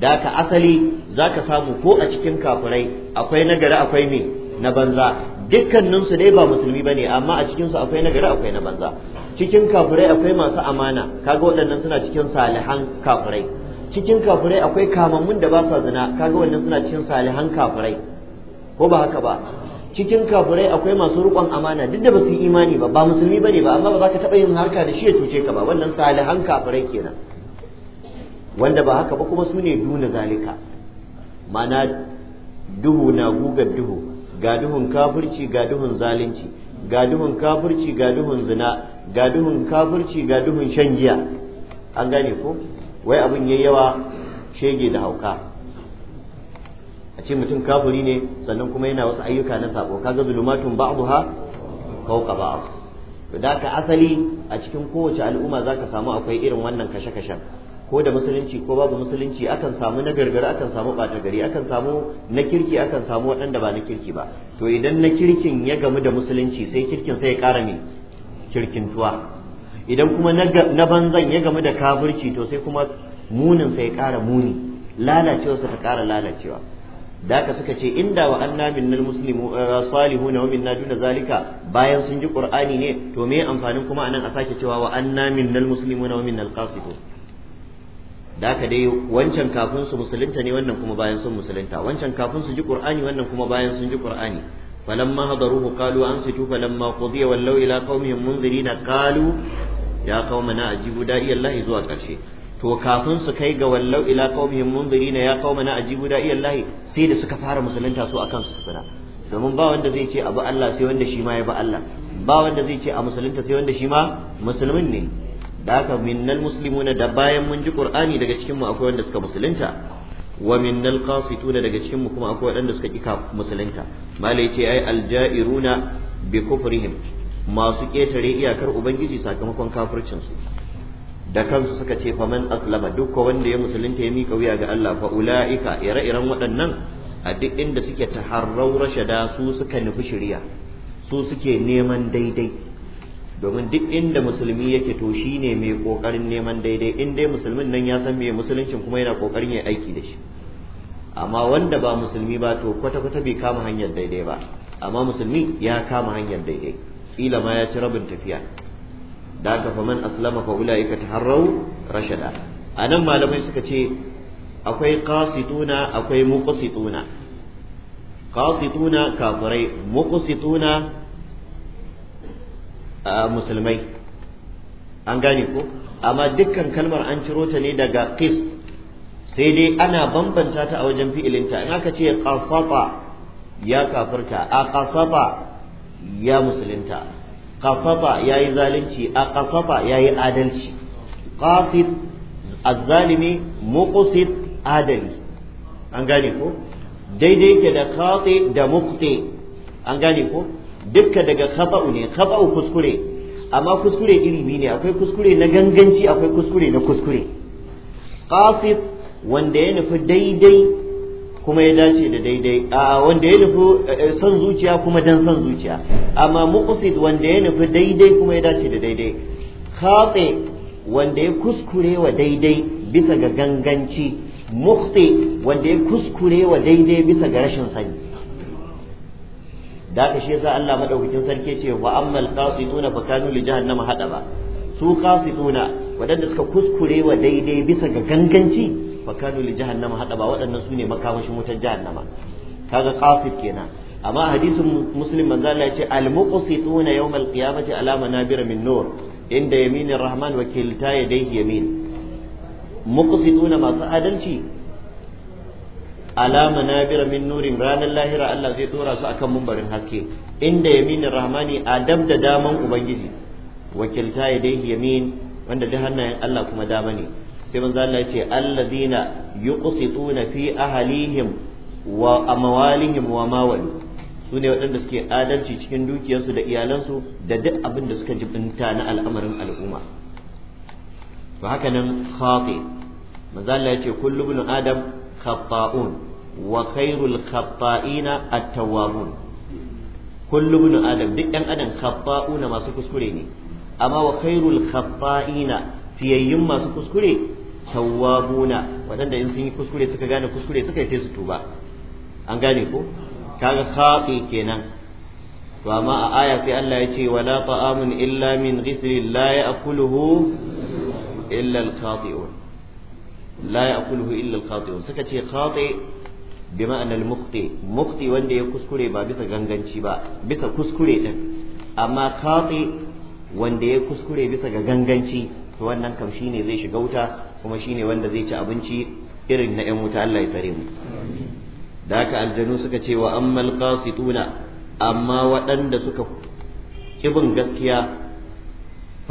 da ka asali zaka samu ko a cikin kafirai akwai nagari akwai me na banza dukkanin su dai ba musulmi bane amma a cikin su akwai nagari akwai na banza cikin kafirai akwai masu amana kaga waɗannan suna cikin salihan kafirai cikin kafirai akwai kamammun da ba sa zina kaga waɗannan suna cikin salihan kafirai ko ba haka ba cikin kafurai akwai masu rukon amana duk da ba su yi imani ba ba musulmi bane ba amma ba za ka taɓa yin harka da shi ya cuce ka ba wannan salihan kafirai kenan wanda ba haka ba kuma su ne duna zalika mana duhu na gugar duhu ga duhun kafirci ga duhun zalunci ga duhun kafirci ga duhun zina ga duhun kafirci ga duhun shan giya an gane ko wai abin yayi yawa shege da hauka a ce mutum kafuri ne sannan kuma yana wasu ayyuka na sabo kaga zulumatun ha fawqa ba'd to da ka asali a cikin kowace al'umma zaka samu akwai irin wannan kashe-kashen ko da musulunci ko babu musulunci akan samu na gargara akan samu bata gari akan samu na kirki akan samu waɗanda ba na kirki ba to idan na kirkin ya gamu da musulunci sai kirkin sai ya ƙara me kirkintuwa idan kuma na banzan ya gamu da kafirci to sai kuma munin sai ya ƙara muni lalacewarsa ta ƙara lalacewa da haka suka ce inda wa anna minnal muslimu eh, salihuna wa minna duna zalika bayan sun ji qur'ani ne to me amfanin kuma anan a sake cewa wa anna minnal muslimuna wa minnal qasitun da haka dai wancan kafin su musulunta ne wannan kuma bayan sun musulunta wancan kafin su ji qur'ani wannan kuma bayan sun ji qur'ani falamma hadaruhu qalu ansitu falamma qudiya wallau ila qaumihim munzirina qalu ya qaumana ajibu da'iyallahi zuwa karshe to kafin su kai ga wallau ila qaumihim munzirina ya qaumana ajibu da iyallahi sai da suka fara musulunta su akan su tsira domin ba wanda zai ce abu Allah sai wanda shi ma ya ba Allah ba wanda zai ce a musulunta sai wanda shi ma musulmin ne da haka minnal muslimuna da bayan mun ji qur'ani daga cikin mu akwai wanda suka musulunta wa minnal qasituna daga cikin mu kuma akwai wanda suka kika musulunta malai ce ai aljairuna bi kufrihim masu ketare iyakar ubangiji sakamakon kafircin su da kansu suka ce fa man aslama duk wanda ya musulunta ya mika wuya ga Allah fa ulaika ire-iren waɗannan a duk inda suke taharrau rashada su suka nufi shari'a su suke neman daidai domin duk inda musulmi yake to shine mai kokarin neman daidai in dai musulmin nan ya san me musuluncin kuma yana kokarin ya aiki da shi amma wanda ba musulmi ba to kwata-kwata bai kama hanyar daidai ba amma musulmi ya kama hanyar daidai kila ma ya ci rabin tafiya da ka faman aslama fa ulaika taharraw rashada anan malamai suka ce akwai qasituna akwai muqsituna qasituna kafirai muqsituna musulmai an gane ko amma dukkan kalmar an ciro ta ne daga kis sai dai ana bambanta ta a wajen fi'ilinta in aka ce qasata ya kafirta a qasata ya musulunta qasata yayi zalunci a qasata yayi adalci qasid azzalimi muqsid adali an gane ko daidai yake da khati da muqti an gane ko dukka daga khata'u ne khata'u kuskure amma kuskure iri biyu ne akwai kuskure na ganganci akwai kuskure na kuskure qasid wanda ya nufi daidai kuma ya dace da daidai a wanda ya nufi eh, son zuciya kuma dan son zuciya amma muqsid wanda ya nufi daidai kuma ya dace da daidai khati wanda ya kuskure wa daidai bisa ga ganganci mukhti wanda ya kuskure wa daidai bisa ga rashin sani da shi yasa Allah madaukakin sarki ce wa ammal qasiduna fa kanu li jahannama hadaba su qasiduna wadanda suka kuskure wa daidai bisa ga ganganci fa kanu li jahannama ba waɗannan su ne makamashin wutar jahannama kaga qasid kenan amma hadisin muslim manzo Allah ya ce al muqsituna yawm al qiyamati ala manabir min nur inda yaminir rahman wa kilta yadayhi yamin muqsituna masu adalci ala manabir min nurin ranar lahira Allah zai dora su akan mumbarin haske inda yaminir rahmani adab da daman ubangiji wakilta yadayhi yamin wanda da hannayen Allah kuma dama ne sai manzo Allah ya ce alladina yuqsituna fi ahlihim wa amwalihim wa mawalu su ne waɗanda suke adalci cikin dukiyarsu da iyalansu da duk abin da suka jibinta na al'amarin al'umma to haka nan khati manzo Allah ya ce kullu ibn adam khata'un wa khairul khata'ina at-tawwabun kullu ibn adam duk ɗan adam khata'una masu kuskure ne amma wa khairul khata'ina fiyayyun masu kuskure tawwabuna waɗanda in sun yi kuskure suka gane kuskure suka yi sai su tuba an gane ko kaga khati kenan to amma a aya sai Allah ya ce wala ta'amun illa min ghisrin la ya'kuluhu illa al-khati'un la ya'kuluhu illa al-khati'un suka ce khati bi ma'ana al-mukhti mukhti wanda ya kuskure ba bisa ganganci ba bisa kuskure din amma khati wanda ya kuskure bisa ga ganganci to wannan kam shine zai shiga wuta kuma shine wanda zai ci abinci irin na 'yan wuta Allah ya tsare mu da haka aljanu suka ce wa ammal qasituna amma waɗanda suka kibin gaskiya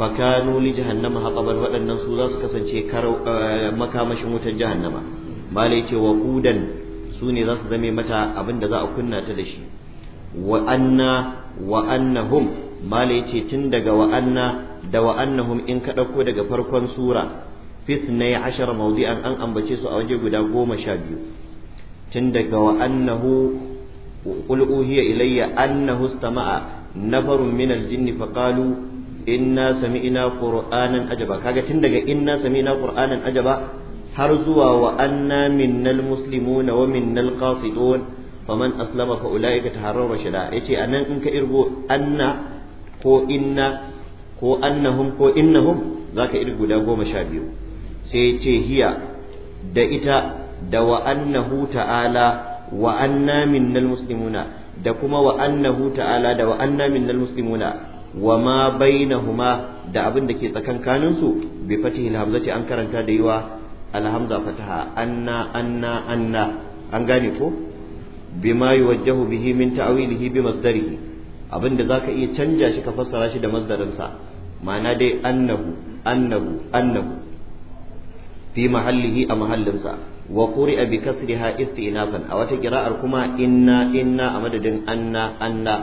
fakanu li jahannama haqaban waɗannan su za su kasance eh, makamashin wutar jahannama malai ce wa ƙudan su ne za su zame mata abin da za a kunna ta da shi wa anna wa annahum ce tun daga wa'anna da wa annahum in ka ɗauko daga farkon sura fi sunai ashara mawdi'an an ambace su a waje guda goma sha biyu tun daga wa annahu qul uhiya ilayya annahu istama'a nafarun min al-jinn fa qalu inna sami'na qur'anan ajaba kaga tun daga inna sami'na qur'anan ajaba har zuwa wa anna minnal muslimuna wa minnal qasitun faman aslama fa ulaika taharraw rashida yace anan in ka irgo anna ko inna ko annahum ko innahum zaka irgo guda goma sha biyu sai ce hiya da ita da wa annahu ta'ala wa anna minnal muslimuna da kuma wa annahu ta'ala da wa anna minnal muslimuna wa ma bainahuma da abin da ke tsakankanin su bi fatihil hamzati an karanta da yiwa alhamza fataha anna anna anna an gane ko bima yuwajjahu bihi min ta'wilihi bi masdarihi abin da zaka iya canja shi ka fassara shi da masdarinsa ma'ana dai annahu annahu annahu fi mahallihi a mahallinsa wa quri'a bi kasriha istinafan a wata qira'ar kuma inna inna a madadin anna anna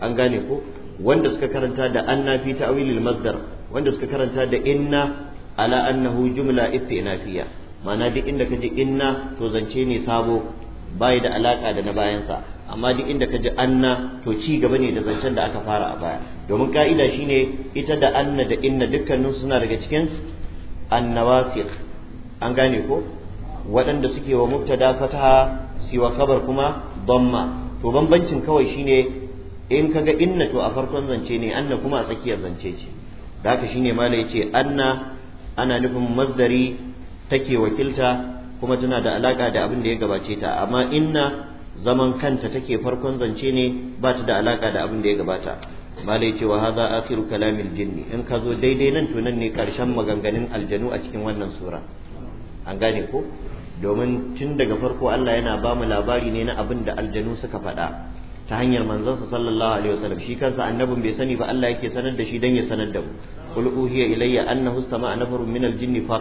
an gane ko wanda suka karanta da anna fi ta'wilil masdar wanda suka karanta da inna ala annahu jumla istinafiyya ma'ana duk inda kaji inna to zance ne sabo bai da alaka da na bayansa amma duk inda kaji anna to ci gaba ne da zancen da aka fara a baya domin ka'ida shine ita da anna da inna dukkanin suna daga cikin annawasiq an gane ko waɗanda suke wa mubtada fataha siwa kabar kuma bamma, to bambancin kawai shine in kaga inna to a farkon zance ne anna kuma a tsakiyar zance ce da haka shine mala yace anna ana nufin masdari take wakilta kuma tana da alaka da abin da ya gabace ta amma inna zaman kanta take farkon zance ne ba ta da alaka da abin da ya gabata mala yace wa hadha akhiru kalamil jinni in ka zo daidai nan to nan ne karshen maganganun aljanu a cikin wannan sura an gane ko domin tun daga farko Allah yana ba mu labari ne na abin da aljanu suka faɗa ta hanyar manzansa sallallahu alaihi wasallam shi kansa annabin bai sani ba Allah yake sanar da shi dan ya sanar da mu qul uhiya ilayya annahu istama'a nafarun min aljinni fa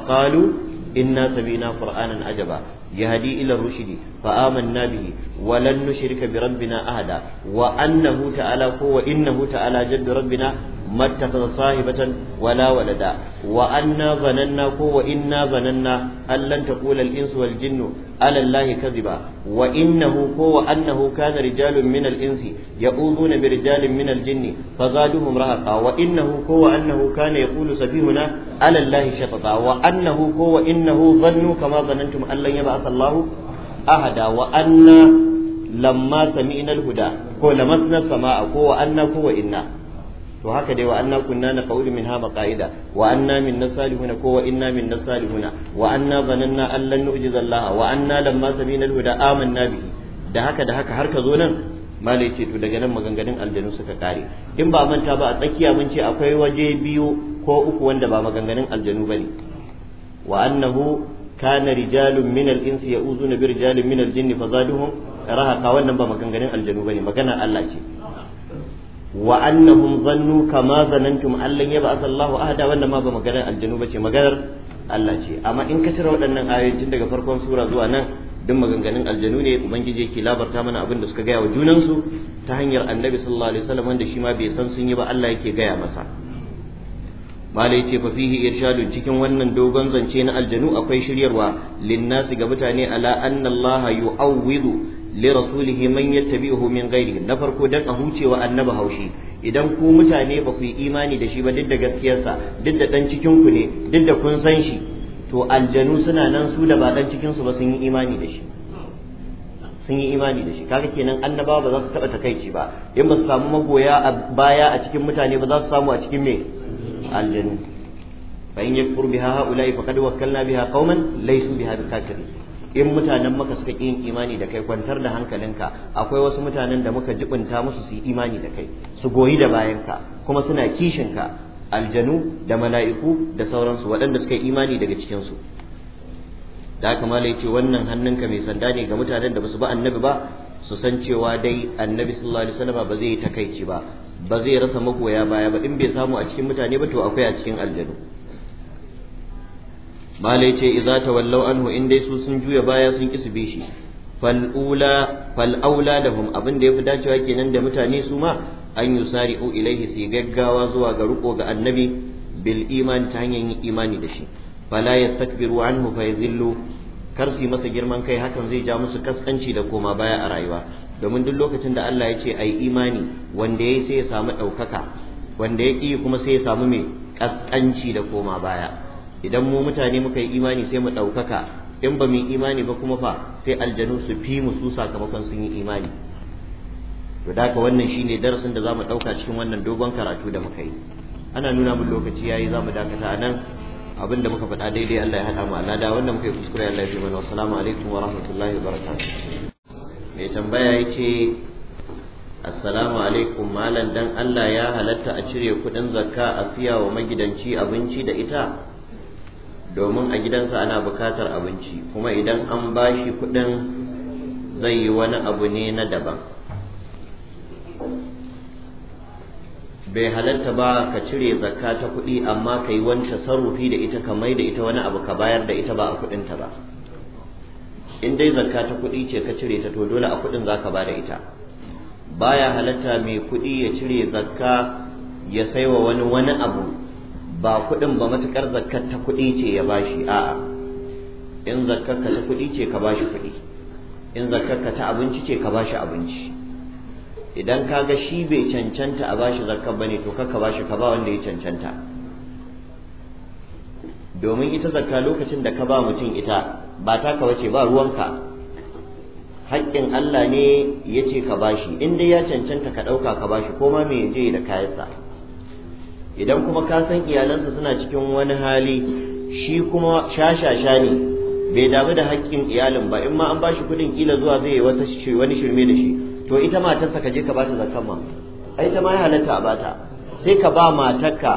inna sabina qur'anan ajaba yahdi ila rushdi fa amanna bihi wa lan nushrika bi rabbina ahada wa annahu ta'ala ko wa innahu ta'ala jaddu rabbina mattakhadha sahibatan wala walada wa anna zananna ko wa inna zananna allan taqula al-insu wal jinnu ala allahi kadhiba wa innahu ko wa annahu kana rijalun min al-insi ya'uduna bi rijalin min al-jinni fazaduhum rahaqa wa innahu ko wa annahu kana yaqulu safihuna ala allahi shatata wa annahu ko wa innahu dhannu kama dhanantum allan yab'ath allahu ahada wa anna lamma sami'na al-huda ko lamasna as-sama'a ko wa anna ko wa inna to haka dai wa anna kunna min minha maqaida wa anna minna salihuna ko wa inna minna salihuna wa anna zananna an lan nu'jiza Allah wa anna lamma sabina al-huda amanna bihi da haka da haka har ka zo nan malai ce to daga nan maganganun aljanu suka kare in ba manta ba a tsakiya mun ce akwai waje biyu ko uku wanda ba maganganun aljanu bane wa annahu kana rijalun min al-insi ya'uzuna bi rijalin min al-jinni fazaduhum ka wannan ba maganganun aljanu bane magana Allah ce wa annahum zannu kama zanantum allan yaba asallahu ahada wannan ma ba maganar aljanu bace maganar Allah ce amma in ka tara waɗannan ayoyin daga farkon sura zuwa nan duk maganganun aljanu ne ubangiji yake labarta mana abin da suka gaya wa su ta hanyar annabi sallallahu alaihi wasallam wanda shi ma bai san sun yi ba Allah yake gaya masa mala yace fa fihi irshadun cikin wannan dogon zance na aljanu akwai shiryarwa linnasi ga mutane ala anna Allah yu'awwidu li rasulihi man yattabi'uhu min ghairihi na farko dan a hucewa annaba haushi idan ku mutane ba ku yi imani da shi ba duk da gaskiyarsa duk da dan cikin ku ne duk da kun san shi to aljanu suna nan su da ba dan cikin su ba sun yi imani da shi sun yi imani da shi kaga kenan annabawa ba za su taba takaici ba in ba su samu magoya a baya a cikin mutane ba za su samu a cikin me aljanu fa in yakfur biha haula'i faqad wakkalna biha qauman laysu biha bikafirin in mutanen maka suka ƙi yin imani da kai kwantar da hankalinka akwai wasu mutanen da muka jibinta musu su yi imani da kai su goyi da bayanka kuma suna kishinka aljanu da mala'iku da sauransu waɗanda suka yi imani daga cikinsu da haka mala ce wannan hannunka mai sanda ne ga mutanen da basu ba annabi ba su san cewa dai annabi sallallahu alaihi wasallam ba zai yi takaici ba ba zai rasa magoya baya ba in bai samu a cikin mutane ba to akwai a cikin aljanu malai ce idza wallau anhu in dai su sun juya baya sun ki su bi shi fal'ula fal'aula lahum abin da yafi dacewa kenan da mutane su ma an yusari'u ilaihi su gaggawa zuwa ga ruko ga annabi bil iman ta hanyar yin imani da shi fala yastakbiru anhu fa yazillu kar su masa girman kai hakan zai ja musu kaskanci da koma baya a rayuwa domin duk lokacin da Allah ya ce ai imani wanda yayi sai ya samu ɗaukaka wanda ya ƙi kuma sai ya samu mai kaskanci da koma baya idan mu mutane muka yi imani sai mu ɗaukaka in ba mu yi imani ba kuma fa sai aljanu su fi mu su sakamakon sun yi imani to da wannan shine darasin da za mu ɗauka cikin wannan dogon karatu da muka yi ana nuna mun lokaci yayi za mu dakata a abin da muka faɗa daidai Allah ya haɗa mu allah. Da wanda muka yi kuskure Allah ya ji mana assalamu alaikum wa rahmatullahi wa barakatuh mai tambaya yace assalamu alaikum malam dan Allah ya halatta a cire kuɗin zakka a siya wa magidanci abinci da ita domin a gidansa ana bukatar abinci kuma idan an ba shi kuɗin zai yi wani abu ne na daban bai halatta ba ka cire zakka ta kuɗi amma ka yi wani tasarrufi da ita ka mai da ita wani abu ka bayar da ita ba a kuɗinta ba in dai zakka ta kuɗi ce ka cire ta to dole a kuɗin za ka ba da ita baya halatta mai kuɗi ya cire zakka ya saiwa wani wani abu ba kuɗin ba matukar zakkar ta kuɗi ce ya bashi a'a in zakkar ka ta kuɗi ce ka bashi kuɗi in zakkar ka ta abinci ce ka bashi abinci idan ka ga shi bai cancanta a bashi zakkar bane to ka bashi ka ba wanda ya cancanta domin ita zakka lokacin da ka ba mutum ita ba ta ka wace ba ruwanka haƙƙin Allah ne ya ce ka bashi in dai ya cancanta ka ɗauka ka bashi ko ma me je da kayansa idan kuma ka san iyalansa suna cikin wani hali shi kuma shashasha ne bai damu da haƙƙin iyalin ba in ma an bashi kuɗin kila zuwa zai yi wata wani shirme da shi to ita matarsa ka je ka bata zakan ma ai ta ma ya halatta a bata sai ka ba matarka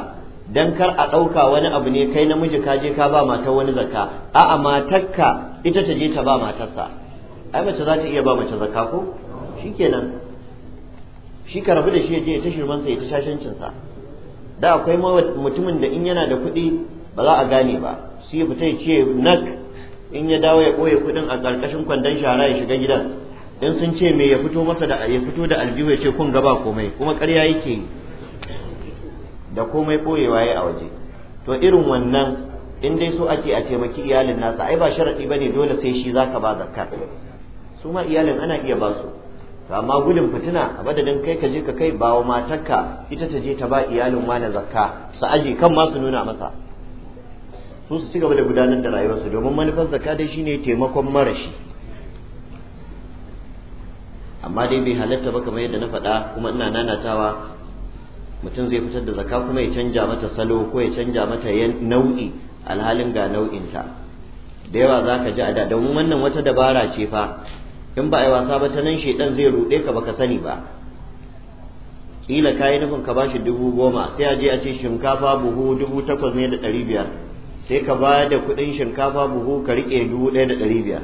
dan kar a ɗauka wani abu ne kai namiji ka je ka ba matar wani zakka a'a matarka ita ta je ta ba matarsa ai mace za ta iya ba mace zakka ko shikenan shi ka rabu da shi ya je ta sa ya ta sa da akwai mutumin da in yana da kuɗi ba za a gane ba sai ya fita ya ce nak in ya dawo ya ɓoye kuɗin a ƙarƙashin kwandon shara ya shiga gidan in sun ce me ya fito masa da ya fito da aljihu ya ce kun gaba komai kuma ƙarya yake yi da komai ɓoyewa ya a waje to irin wannan in dai so ake a taimaki iyalin nasa ai ba sharaɗi bane dole sai shi zaka ba zakka su ma iyalin ana iya ba su to amma gudun fitina a madadin kai ka je ka kai ba wa matarka ita ta je ta ba iyalin ma na zakka su aje kan ma su nuna masa su su ci gaba da gudanar da rayuwarsu domin manufar zakka dai shine taimakon marashi amma dai bai halatta ba kamar yadda na faɗa kuma ina nanatawa mutum zai fitar da zakka kuma ya canja mata salo ko ya canja mata nau'i alhalin ga nau'inta da yawa za ka ji a da domin wannan wata dabara ce fa in ba a yi wasa ba ta nan shaidan zai ruɗe ka baka sani ba kila ka yi nufin ka bashi dubu goma sai a je a ce shinkafa buhu dubu takwas ne da ɗari biyar sai ka ba da kuɗin shinkafa buhu ka riƙe dubu ɗaya da ɗari biyar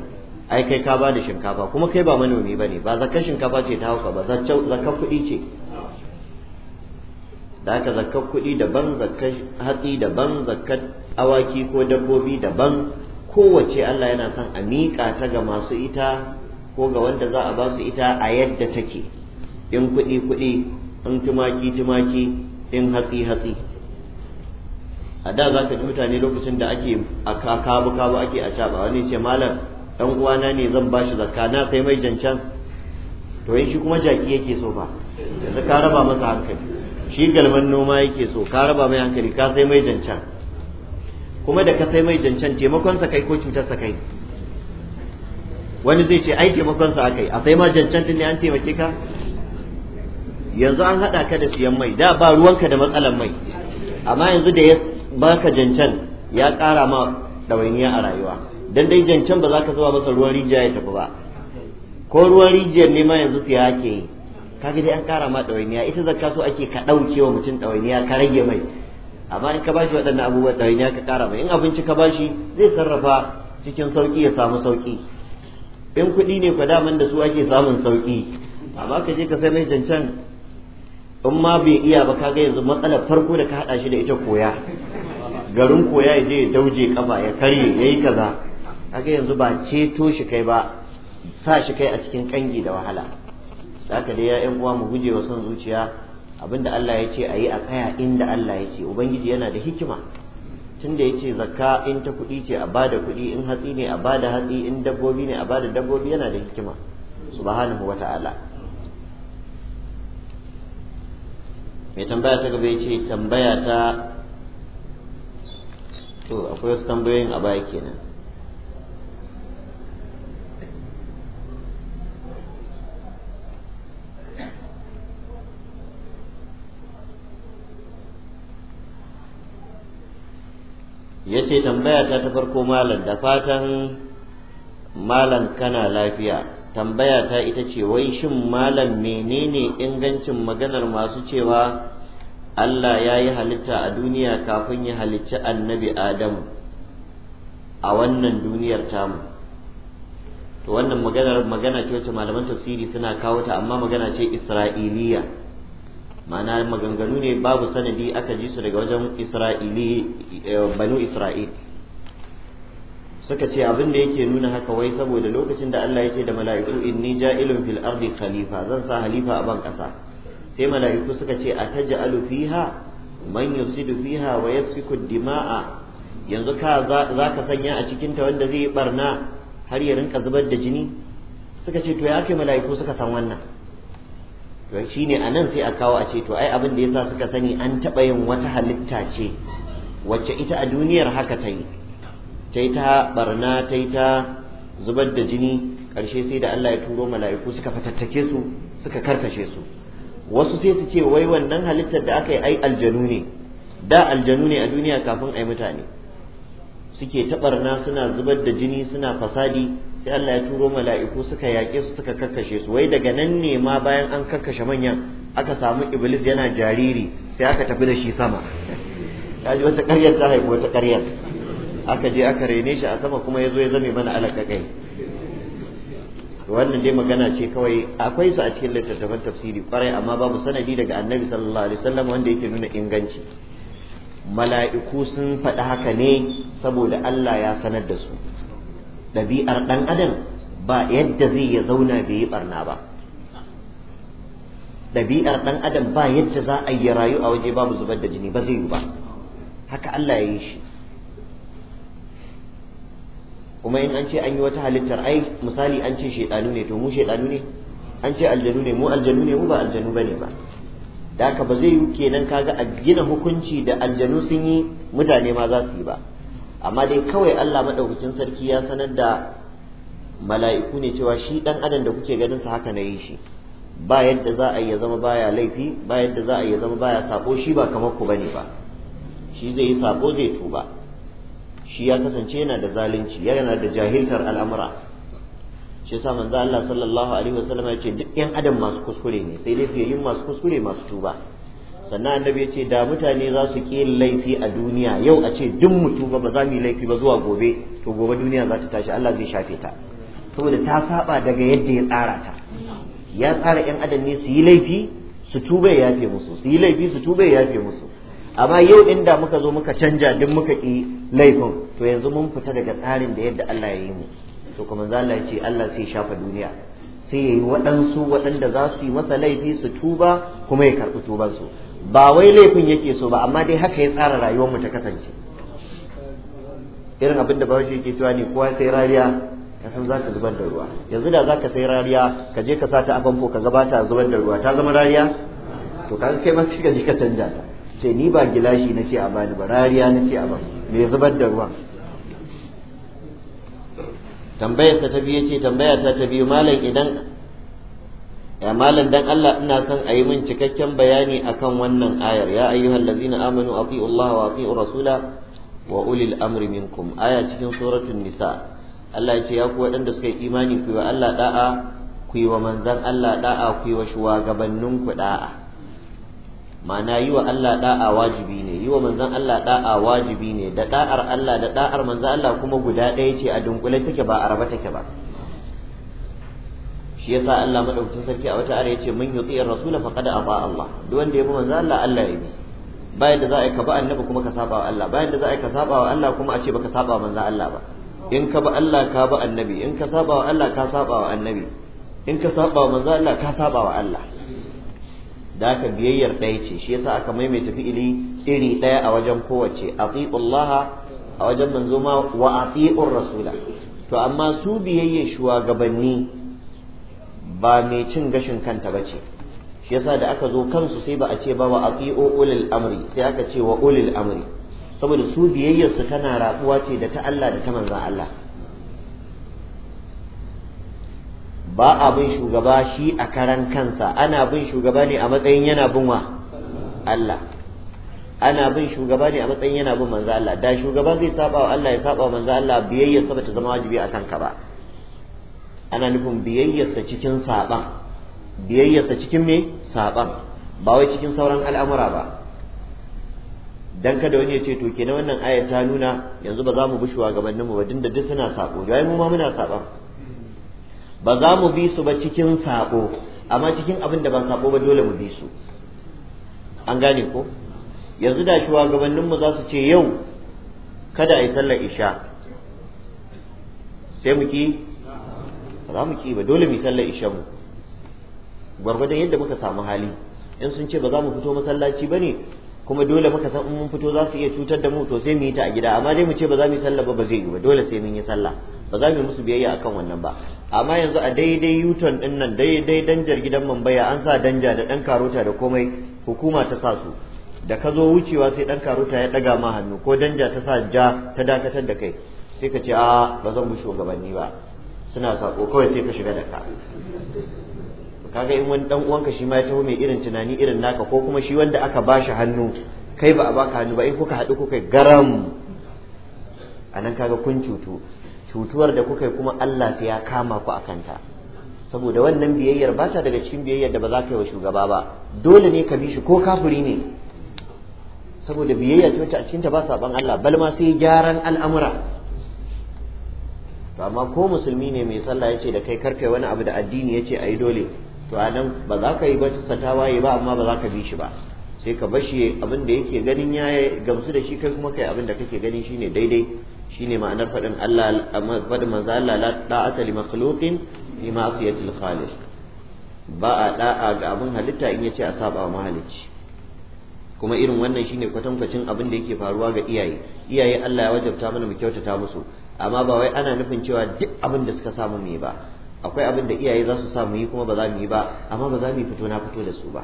ai kai ka ba da shinkafa kuma kai ba manomi ba ne ba zakar shinkafa ce ta hauka ba zakar kuɗi ce da aka zakkar kuɗi daban zakkar hatsi daban zakkar awaki ko dabbobi daban kowace Allah yana son a miƙa ta ga masu ita ko ga wanda za a ba su ita a yadda take in kuɗi kuɗi in tumaki tumaki in hatsi hatsi a da za ka ji mutane lokacin da ake a kabu kabu ake a caɓa wani ce malam ɗan uwana ne zan ba shi zakka na sai mai jancan to yin shi kuma jaki yake so fa yanzu ka raba masa hankali shi galman noma yake so ka raba mai hankali ka sai mai jancan kuma da ka sai mai jancan taimakonsa kai ko cutarsa kai wani zai ce ai taimakon sa akai sai ma jancantin ne an taimake ka yanzu an hada ka da siyan mai da ba ruwanka da matsalan mai amma yanzu da ya baka jancan ya kara ma ɗawainiya a rayuwa dan dai jancan ba za ka zuba masa ruwan rijiya ya tafi ba ko ruwan rijiyar ne ma yanzu siya ake yi kaga dai an kara ma ɗawainiya ita zakka so ake ka ɗauke wa mutum ɗawainiya ka rage mai amma in ka bashi waɗannan abubuwan ɗawainiya ka kara mai in abinci ka bashi zai sarrafa cikin sauki ya samu sauki in kuɗi ne fa daman da su ake samun sauki amma ka je ka sai mai cancan in ma bai iya ba kaga yanzu matsalar farko da ka haɗa shi da ita koya garin koya ya je ya dauje kafa ya karye ya yi kaza kaga yanzu ba ceto shi kai ba sa shi kai a cikin kangi da wahala ka dai ya yan uwa mu guje wa son zuciya abinda Allah ya ce a yi a tsaya inda Allah ya ce ubangiji yana da hikima tun da ya ce zakka in ta kuɗi ce a bada kuɗi in hatsi ne a bada hatsi in dabbobi ne a bada dabbobi yana da hikima subhanahu ala mai tambaya ta gaba yace tambaya ta to akwai wasu tambayoyin a baya kenan Ya tambaya ta ta farko malam da fatan malam kana lafiya tambaya ta ita ce wai shin malam menene ingancin maganar masu cewa Allah ya yi halitta a duniya kafin ya halicci annabi Adamu a wannan duniyar tamu to wannan maganar magana ce wacce malaman tafsiri suna kawo ta amma magana ce Isra'iliya ma'ana maganganu ne babu sanadi aka ji su daga wajen isra'ili eh, banu isra'il suka ce abin da yake nuna haka wai saboda lokacin da Allah yake da mala'iku inni ja'ilun fil ardi khalifa zan sa halifa a ban kasa sai mala'iku suka ce ataj'alu fiha man yusidu fiha wa yasfiku dima'a yanzu ka za ka sanya a cikin ta wanda zai barna har ya rinka zubar da jini suka ce to ya kai mala'iku suka san wannan don shi ne a nan sai a kawo a ce to ai abin da yasa suka sani an taɓa yin wata halitta ce wacce ita a duniyar haka ta yi ta yi ta barna ta yi ta zubar da jini ƙarshe sai da Allah ya turo mala'iku suka fatattake su suka karkashe su wasu sai su ce wai wannan halittar da aka yi ai aljanu ne da aljanu ne a duniya kafin ai mutane suke taɓarna suna zubar da jini suna fasadi sai Allah ya turo mala'iku suka yaƙe su suka kakkashe su wai daga nan ne ma bayan an kakkashe manyan aka samu iblis yana jariri sai aka tafi da shi sama kaji wata ƙaryar ta haifu wata ƙaryar aka je aka rene shi a sama kuma ya zo ya zame mana alaka kai wannan dai magana ce kawai akwai su a cikin littattafan tafsiri kwarai amma babu sanadi daga annabi sallallahu alaihi wasallam wanda yake nuna inganci mala'iku sun faɗi haka ne saboda Allah ya sanar da su ɗabi'ar ɗan adam ba yadda zai ya zauna bai yi ɓarna ba ɗabi'ar ɗan adam ba yadda za a yi rayu a waje babu zubar da jini ba zai yi ba haka Allah ya yi shi kuma in an ce an yi wata halittar ai misali an ce shaidanu ne to mu shaidanu ne an ce aljanu ne mu aljanu ne mu ba aljanu ba ne ba da haka ba zai yi kenan kaga a gina hukunci da aljanu sun yi mutane ma za su yi ba amma dai kawai Allah madaukakin sarki ya sanar da mala'iku ne cewa shi dan adam da kuke ganin sa haka na yi shi ba yadda za a yi zama baya laifi ba yadda za a yi zama baya sako shi ba kamar ku bane ba shi zai yi sako zai tuba shi ya kasance yana da zalunci yana da jahiltar al'amura shi yasa manzo Allah sallallahu alaihi wasallam ya ce duk yan adam masu kuskure ne sai dai yin masu kuskure masu tuba sannan annabi ya ce da mutane za su ƙi laifi a duniya yau a ce duk mutu ba za mu yi laifi ba zuwa gobe to gobe duniya za ta tashi Allah zai shafe ta saboda ta saba daga yadda ya tsara ta ya tsara yan adam ne su yi laifi su tuba ya yafe musu su yi laifi su tuba ya yafe musu amma yau inda muka zo muka canja duk muka ki laifin to yanzu mun fita daga tsarin da yadda Allah ya yi mu to kuma Allah ya ce Allah sai shafa duniya sai ya yi waɗansu waɗanda za su yi masa laifi su tuba kuma ya karɓi tubansu ba wai laifin yake so ba amma dai haka ya tsara rayuwar mu ta kasance irin abin da bawashi yake cewa ne kowa sai rariya ka san za ta zubar da ruwa yanzu da za ka sai rariya ka je ka sa ta a famfo ka ta zubar da ruwa ta zama rariya to ka kai ma shi ka je ka canja ta ce ni ba gilashi na ce a bani ba rariya na ce a bani me zubar da ruwa tambayar ta biyu ce tambaya ta biyu malam idan ya malam dan Allah ina son a yi min cikakken bayani akan wannan ayar ya ayyuhal ladzina amanu atiu Allah wa atiu rasula wa ulil amri minkum aya cikin suratul nisa Allah ya ce ya ku waɗanda suka yi imani ku wa Allah da'a ku wa manzan Allah da'a ku wa shugabannin ku da'a ma'ana yi wa Allah da'a wajibi ne yi wa manzan Allah da'a wajibi ne da da'ar Allah da da'ar manzan Allah kuma guda ɗaya ce a dunkule take ba a raba take ba shi yasa Allah madaukakin sarki a wata ya ce mun yuti rasul faqad aba Allah duk wanda ya bi manzo Allah Allah ya bi bayan da za a yi ka ba annabi kuma ka saba wa Allah bayan da za a yi ka saba wa Allah kuma a ce baka saba manzo Allah ba in ka ba Allah ka ba annabi in ka saba wa Allah ka saba wa annabi in ka saba wa manzo Allah ka saba wa Allah da ka biyayyar ɗaya ce shi yasa aka maimaita fi'ili iri ɗaya a wajen kowace atiqullaha a wajen manzo ma wa atiqur rasula to amma su biyayye shugabanni ba mai cin gashin kanta ba ce shi yasa da aka zo kansu sai ba a ce ba wa aqi'u ulil amri sai aka ce wa ulil amri saboda su biyayyar su tana rabuwa ce da ta Allah da ta manzon Allah ba a bin shugaba shi a karan kansa ana bin shugaba ne a matsayin yana bin wa Allah ana bin shugaba ne a matsayin yana bin manzo Allah da shugaba zai saba wa Allah ya saba wa manzo Allah biyayya saboda ta zama wajibi a kanka ba ana nufin biyayyarsa cikin saɓan biyayyarsa cikin me saɓan ba wai cikin sauran al'amura ba dan kada wani ya ce to kenan wannan ayar ta nuna yanzu ba za mu bi shugabannin mu ba dinda duk suna sako yayi mu ma muna saɓan ba za mu bi su ba cikin sako amma cikin abin da ba sako ba dole mu bi su an gane ko yanzu da shugabannin mu za su ce yau kada a yi sallar isha sai mu ki ba za mu ki ba dole mu sallar isha mu gwargwadon yadda muka samu hali in sun ce ba za mu fito masallaci ba ne kuma dole muka san in mun fito za su iya cutar da mu to sai mu yi ta a gida amma dai mu ce ba za mu yi sallah ba ba zai yi ba dole sai mun yi sallah ba za mu yi musu biyayya akan wannan ba amma yanzu a daidai yuton din nan daidai danjar gidan mambaya an sa danja da dan karota da komai hukuma ta sa su da ka zo wucewa sai dan karota ya daga ma hannu ko danja ta sa ja ta dakatar da kai sai ka ce a ba zan bi shugabanni ba suna sako kawai sai ka shiga da ka kaga in wani dan uwanka shi ma ya taho mai irin tunani irin naka ko kuma shi wanda aka ba shi hannu kai ba a baka hannu ba in kuka haɗu kuka garam anan kaga kun cutu cutuwar da kuka yi kuma Allah Ta ya kama ku a kanta saboda wannan biyayyar ba ta daga cikin biyayyar da ba za ka yi wa shugaba ba dole ne ka bi shi ko kafuri ne saboda biyayya ce wacce a cikinta ba saban Allah bal ma sai gyaran al'amura amma ko musulmi ne mai sallah ce da kai kai wani abu da addini yace yi dole to a nan ba za ka yi ba ta waye ba amma ba za ka bi shi ba sai ka bashi abin da yake ganin ya gamsu da shi kai kuma kai abin da kake ganin shine daidai shine ma'anar faɗin Allah faɗin manzo Allah la li makhluqin khaliq ba a da'a ga abin halitta in yace a saba wa mahalicci kuma irin wannan shine kwatankwacin abin da yake faruwa ga iyaye iyaye Allah ya wajabta mana mu kyautata musu amma ba wai ana nufin cewa duk abin da suka samu mu yi ba akwai abin da iyaye za su samu yi kuma ba za mu yi ba amma ba za mu yi fito na fito da su ba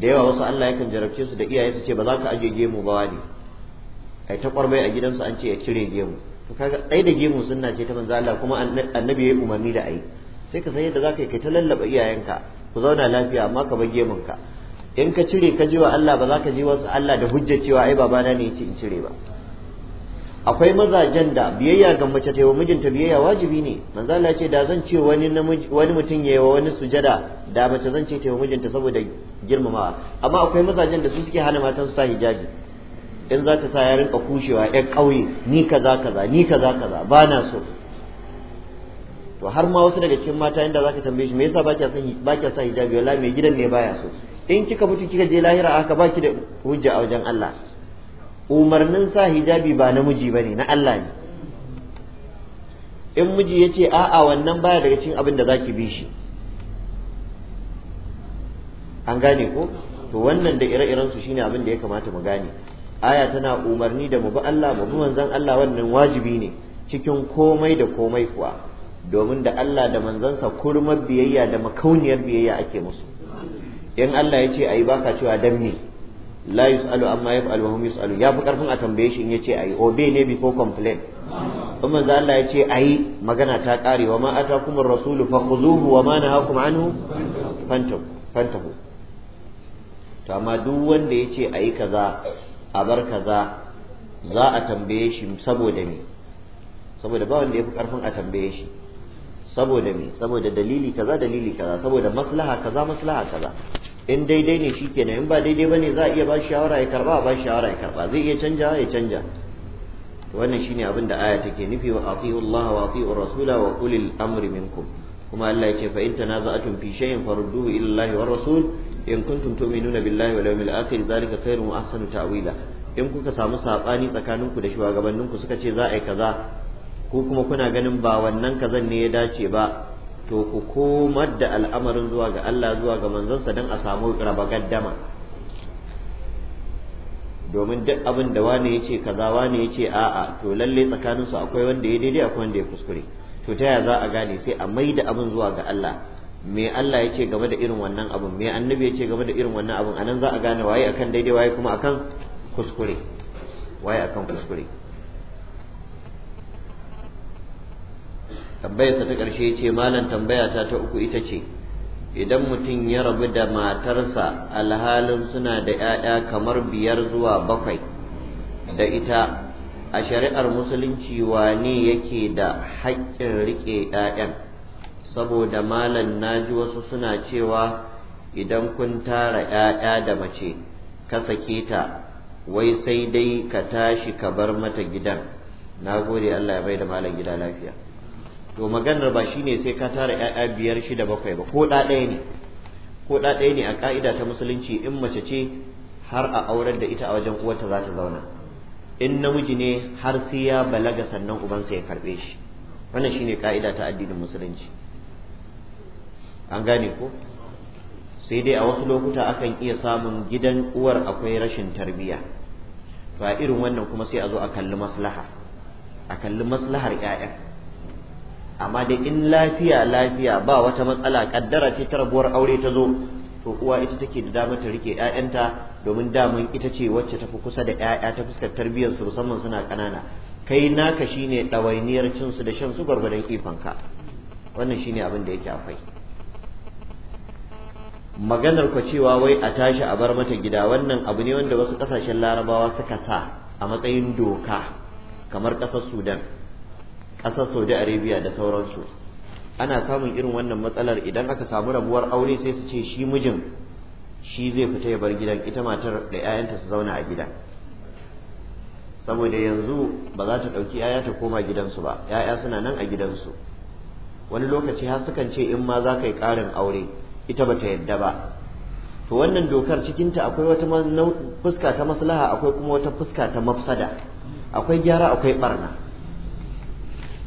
da yawa wasu Allah yakan jarabce su da iyaye su ce ba za ka aje gemu ba wani ai ta kwarmai a gidansu an ce ya cire gemu to kaga ɗaya da gemu sunna ce ta manzo Allah kuma annabi yayi umarni da ai sai ka san yadda za zaka kai ta lallaba iyayenka ku zauna lafiya amma ka bar gemun ka in ka cire ka ji wa Allah ba za ka ji wasu Allah da hujja cewa ai babana ne ya ce in cire ba akwai mazajen da biyayya ga mace ta yi wa mijinta biyayya wajibi ne manzo Allah ce da zan ce wani wani mutum yayi wa wani sujada da mace zan ce ta yi wa mijinta saboda girmamawa amma akwai mazajen da su suke hana matan su sa hijabi in za ta sa ya rinka kushewa ya ƙauye ni kaza kaza ni kaza kaza ba na so to har ma wasu daga cikin mata inda zaka tambaye shi me yasa ba kya sa ba kya sa hijabi wallahi mai gidan ne baya so in kika mutu kika je lahira aka baki da hujja a wajen Allah umarnin sa hijabi ba namiji ba ne na Allah ne in miji ya ce a'a wannan baya daga cikin abin da za bi shi an gane ko to wannan da ire iren su shine abin da ya kamata mu gane aya tana umarni da mu bi Allah mu bi manzon Allah wannan wajibi ne cikin komai da komai kuwa domin da Allah da manzansa kurmar biyayya da makauniyar biyayya ake musu in Allah ya ce ayi baka cewa dan me la yus'alu amma yaf'alu wa hum yus'alu ya fi karfin a tambaye shi in yace ayi obey ne before complain kuma manzo Allah ya ce ayi magana ta kare wa ma atakumur rasulu fakhuzuhu wa ma nahakum anhu fantahu fantahu to amma duk wanda ya ce ayi kaza a bar kaza za a tambaye shi saboda me saboda ba wanda ya fi karfin a tambaye shi saboda me saboda dalili kaza dalili kaza saboda maslaha kaza maslaha kaza in daidai ne shikenan in ba daidai bane za a iya ba shawara ya karba ba shawara ya karba zai iya canja ya canja wannan shine abin da aya take nufi wa atiu Allah wa atiu rasula wa ulil amri minkum kuma Allah yace fa in tanaza'atum fi shay'in farudduhu ila Allah wa rasul in kuntum tu'minuna billahi wal yawmil akhir zalika khairun wa ahsanu ta'wila in kuka samu sabani tsakaninku da shugabanninku suka ce za a yi kaza ko kuma kuna ganin ba wannan kazan ne ya dace ba to ku komar da al'amarin zuwa ga Allah zuwa ga manzansa don a samu raba gaddama domin duk abin da wani ya ce kaza wani ya ce a'a to lalle tsakaninsu akwai wanda ya daidai akwai wanda ya kuskure to ta yaya za a gane sai a mai da abin zuwa ga Allah me Allah ya ce game da irin wannan abin me annabi ya ce game da irin wannan abin anan za a gane waye akan daidai waye kuma akan kuskure waye akan kuskure tambayarsa ta ƙarshe ce malam tambaya ta ta uku ita ce idan mutum ya rabu da matarsa alhalin suna da 'ya'ya kamar biyar zuwa bakwai da ita a shari'ar musulunci wane yake da haƙƙin riƙe 'ya'yan saboda malam na ji wasu suna cewa idan kun tara 'ya'ya da mace ka sake ta wai sai dai ka tashi ka bar mata gidan na gode allah ya bai da malam gida lafiya to maganar ba shine sai ka tara ƴaƴa biyar shida bakwai ba ko ɗa ɗaya ne ko ɗa ɗaya ne a ƙa'ida ta musulunci in mace ce har a aurar da ita a wajen uwarta za ta zauna in namiji ne har sai ya balaga sannan ubansa ya karɓe shi wannan shine ƙa'ida ta addinin musulunci an gane ko sai dai a wasu lokuta akan iya samun gidan uwar akwai rashin tarbiyya Ba irin wannan kuma sai a zo a kalli maslaha a kalli maslahar 'ya'yan amma dai in lafiya lafiya ba wata matsala kaddara ce tarbuwar aure ta zo to uwa ita take da damar ta rike ƴaƴanta domin damun ita ce wacce ta fi kusa da ƴaƴa ta fuskar tarbiyyar su musamman suna kanana kai naka shine ɗawainiyar cin su da shan su gwargwadon ifanka wannan shine abin da yake akwai maganar ku cewa wai a tashi a bar mata gida wannan abu ne wanda wasu kasashen larabawa suka sa a matsayin doka kamar ƙasar sudan ƙasar saudi arabia da sauransu ana samun irin wannan matsalar idan aka samu rabuwar aure sai su ce shi mijin shi zai fita ya bar gidan ita matar da 'ya'yanta su zauna a gida saboda yanzu ba za ta ɗauki 'ya'ya ta koma gidansu ba 'ya'ya suna nan a gidansu wani lokaci har sukan ce in ma za ka yi ƙarin aure ita ba ta yadda ba to wannan dokar cikinta akwai wata fuska ta maslaha akwai kuma wata fuska ta mafsada akwai gyara akwai barna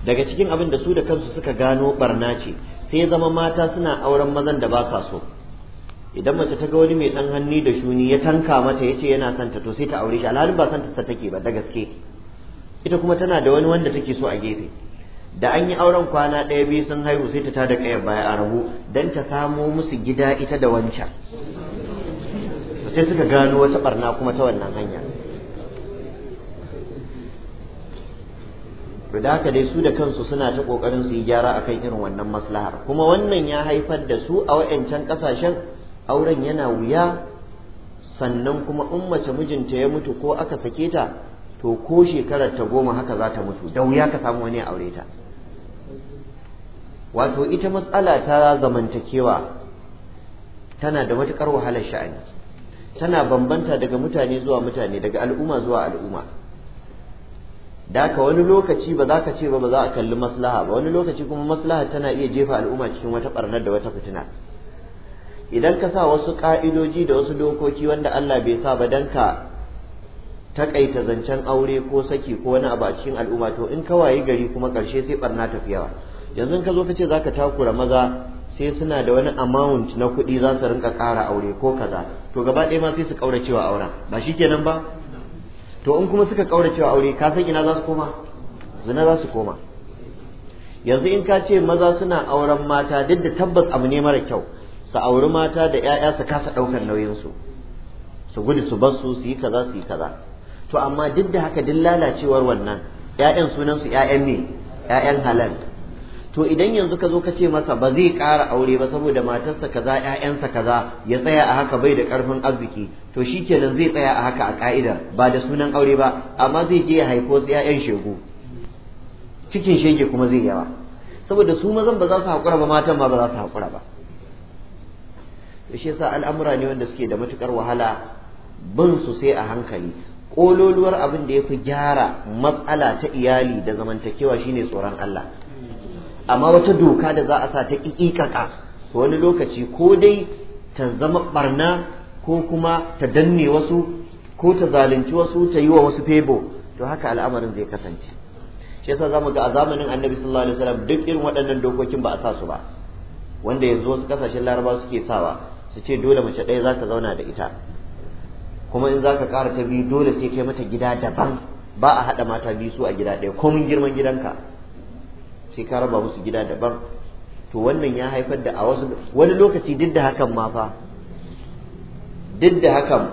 daga cikin abin da su da kansu suka gano barna ce sai zama mata suna auren mazan da ba sa so idan mace ta ga wani mai dan hannu da shuni ya tanka mata yace yana son ta to sai ta aure shi alhalin ba son ta sa take ba da gaske ita kuma tana da wani wanda take so a gefe da an yi auren kwana ɗaya biyu sun haihu sai ta tada kayan baya a rabu dan ta samo musu gida ita da wancan sai suka gano wata barna kuma ta wannan hanya to da haka dai su da kansu suna ta ƙoƙarin su yi gyara akan irin wannan maslahar kuma wannan ya haifar da su a wayancan ƙasashen auren yana wuya sannan kuma in mace mijinta ya mutu ko aka sake ta to ko shekarar ta goma haka za ta mutu da wuya ka samu wani aure ta wato ita matsala ta zamantakewa tana da matuƙar wahalar sha'ani tana bambanta daga mutane zuwa mutane daga al'umma zuwa al'umma da ka wani lokaci ba za ka ce ba ba za a kalli maslaha ba wani lokaci kuma maslaha tana iya jefa al'umma cikin wata barnar da wata fitina idan ka sa wasu ka'idoji da wasu dokoki wanda Allah bai sa ba dan ka takaita zancen aure ko saki ko wani abu a cikin al'umma to in ka wayi gari kuma karshe sai barna tafi yawa yanzu ka zo ka ce zaka takura maza sai suna da wani amount na kuɗi za su rinka ƙara aure ko kaza to gaba ɗaya ma sai su cewa auren ba shikenan ba to in kuma suka kaura cewa aure ka san ina za su koma zina za su koma yanzu in ka ce maza suna auren mata duk da tabbas abu ne mara kyau su auri mata da 'ya'ya su kasa ɗaukar nauyinsu su gudu su bar su su yi kaza su yi kaza to amma duk da haka duk lalacewar wannan 'ya'yan sunan su 'ya'yan ne 'ya'yan halal to idan yanzu ka zo ka ce masa ba zai ƙara aure ba saboda matarsa kaza ƴaƴansa kaza ya tsaya a haka bai da ƙarfin arziki to shikenan zai tsaya a haka a ka'ida ba da sunan aure ba amma zai je ya haifo su ƴaƴan shegu cikin shege kuma zai yawa saboda su mazan ba za su haƙura ba matan ma ba za su haƙura ba to shi yasa al'amura ne wanda suke da matukar wahala bin su sai a hankali ƙololuwar abin da ya fi gyara matsala ta iyali da zamantakewa shine tsoron Allah amma wata doka da za a sa ta ƙiƙiƙaƙa wani lokaci ko dai ta zama barna ko kuma ta danne wasu ko ta zalunci wasu ta yi wa wasu febo to haka al'amarin zai kasance shi yasa zamu ga a zamanin annabi sallallahu alaihi wasallam duk irin waɗannan dokokin ba a sa su ba wanda yanzu wasu kasashen larabawa suke sawa su ce dole mace ɗaya za ta zauna da ita kuma in za ka ƙara ta biyu dole sai kai mata gida daban ba a haɗa mata biyu su a gida ɗaya komin girman gidanka sai ka raba musu gida daban to wannan ya haifar da a wasu wani lokaci duk da hakan ma fa duk da hakan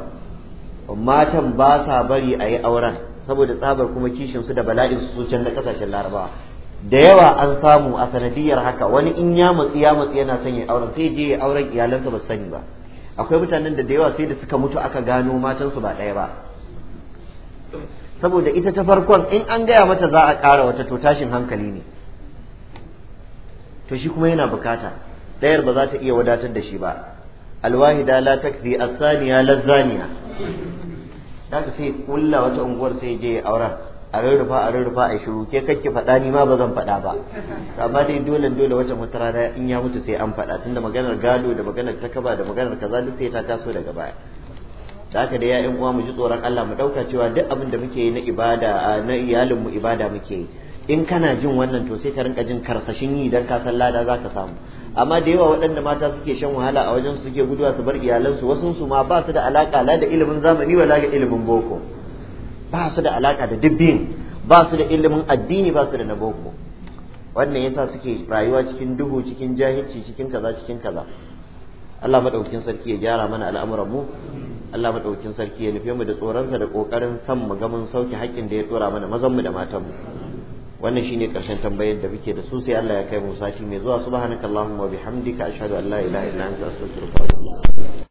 matan ba sa bari a yi auren saboda tsabar kuma kishin su da bala'in su can na kasashen larabawa da yawa an samu a sanadiyar haka wani in ya matsi ya matsi yana son auren sai je auren iyalansa ba sani ba akwai mutanen da da yawa sai da suka mutu aka gano matansu ba ɗaya ba saboda ita ta farkon in an gaya mata za a ƙara wata to tashin hankali ne to shi kuma yana bukata dayar ba za ta iya wadatar da shi ba alwahida la takfi athaniya Zaniya. daga sai kulla wata unguwar sai je auren a rarrufa a rarrufa a shiru ke kake faɗa ni ma ba zan faɗa ba amma dai dole dole wata mutara in ya mutu sai an faɗa tunda maganar gado da maganar takaba da maganar kaza duk sai ta taso daga baya da haka da ya'yan uwa mu ji tsoron Allah mu dauka cewa duk abin da muke yi na ibada na iyalin mu ibada muke yi in kana jin wannan to sai ka rinka jin karsashin yi dan ka san lada za ka samu amma da yawa waɗanda mata suke shan wahala a wajen suke guduwa su bar iyalansu wasu su ma ba su da alaka la da ilimin zamani wala ga ilimin boko ba su da alaka da dubbin ba su da ilimin addini ba su da na boko wannan yasa suke rayuwa cikin duhu cikin jahilci cikin kaza cikin kaza Allah madaukakin sarki ya gyara mana al'amuran mu Allah madaukakin sarki ya nufe mu da tsoron sa da kokarin san mu ga mun sauke haƙƙin da ya tsora mana mazan mu da matan mu wannan shine karshen tambayar da muke da su sai Allah ya kai mu sati mai zuwa subhanakallahumma wa bihamdika ashhadu an la ilaha illa anta astaghfiruka wa atubu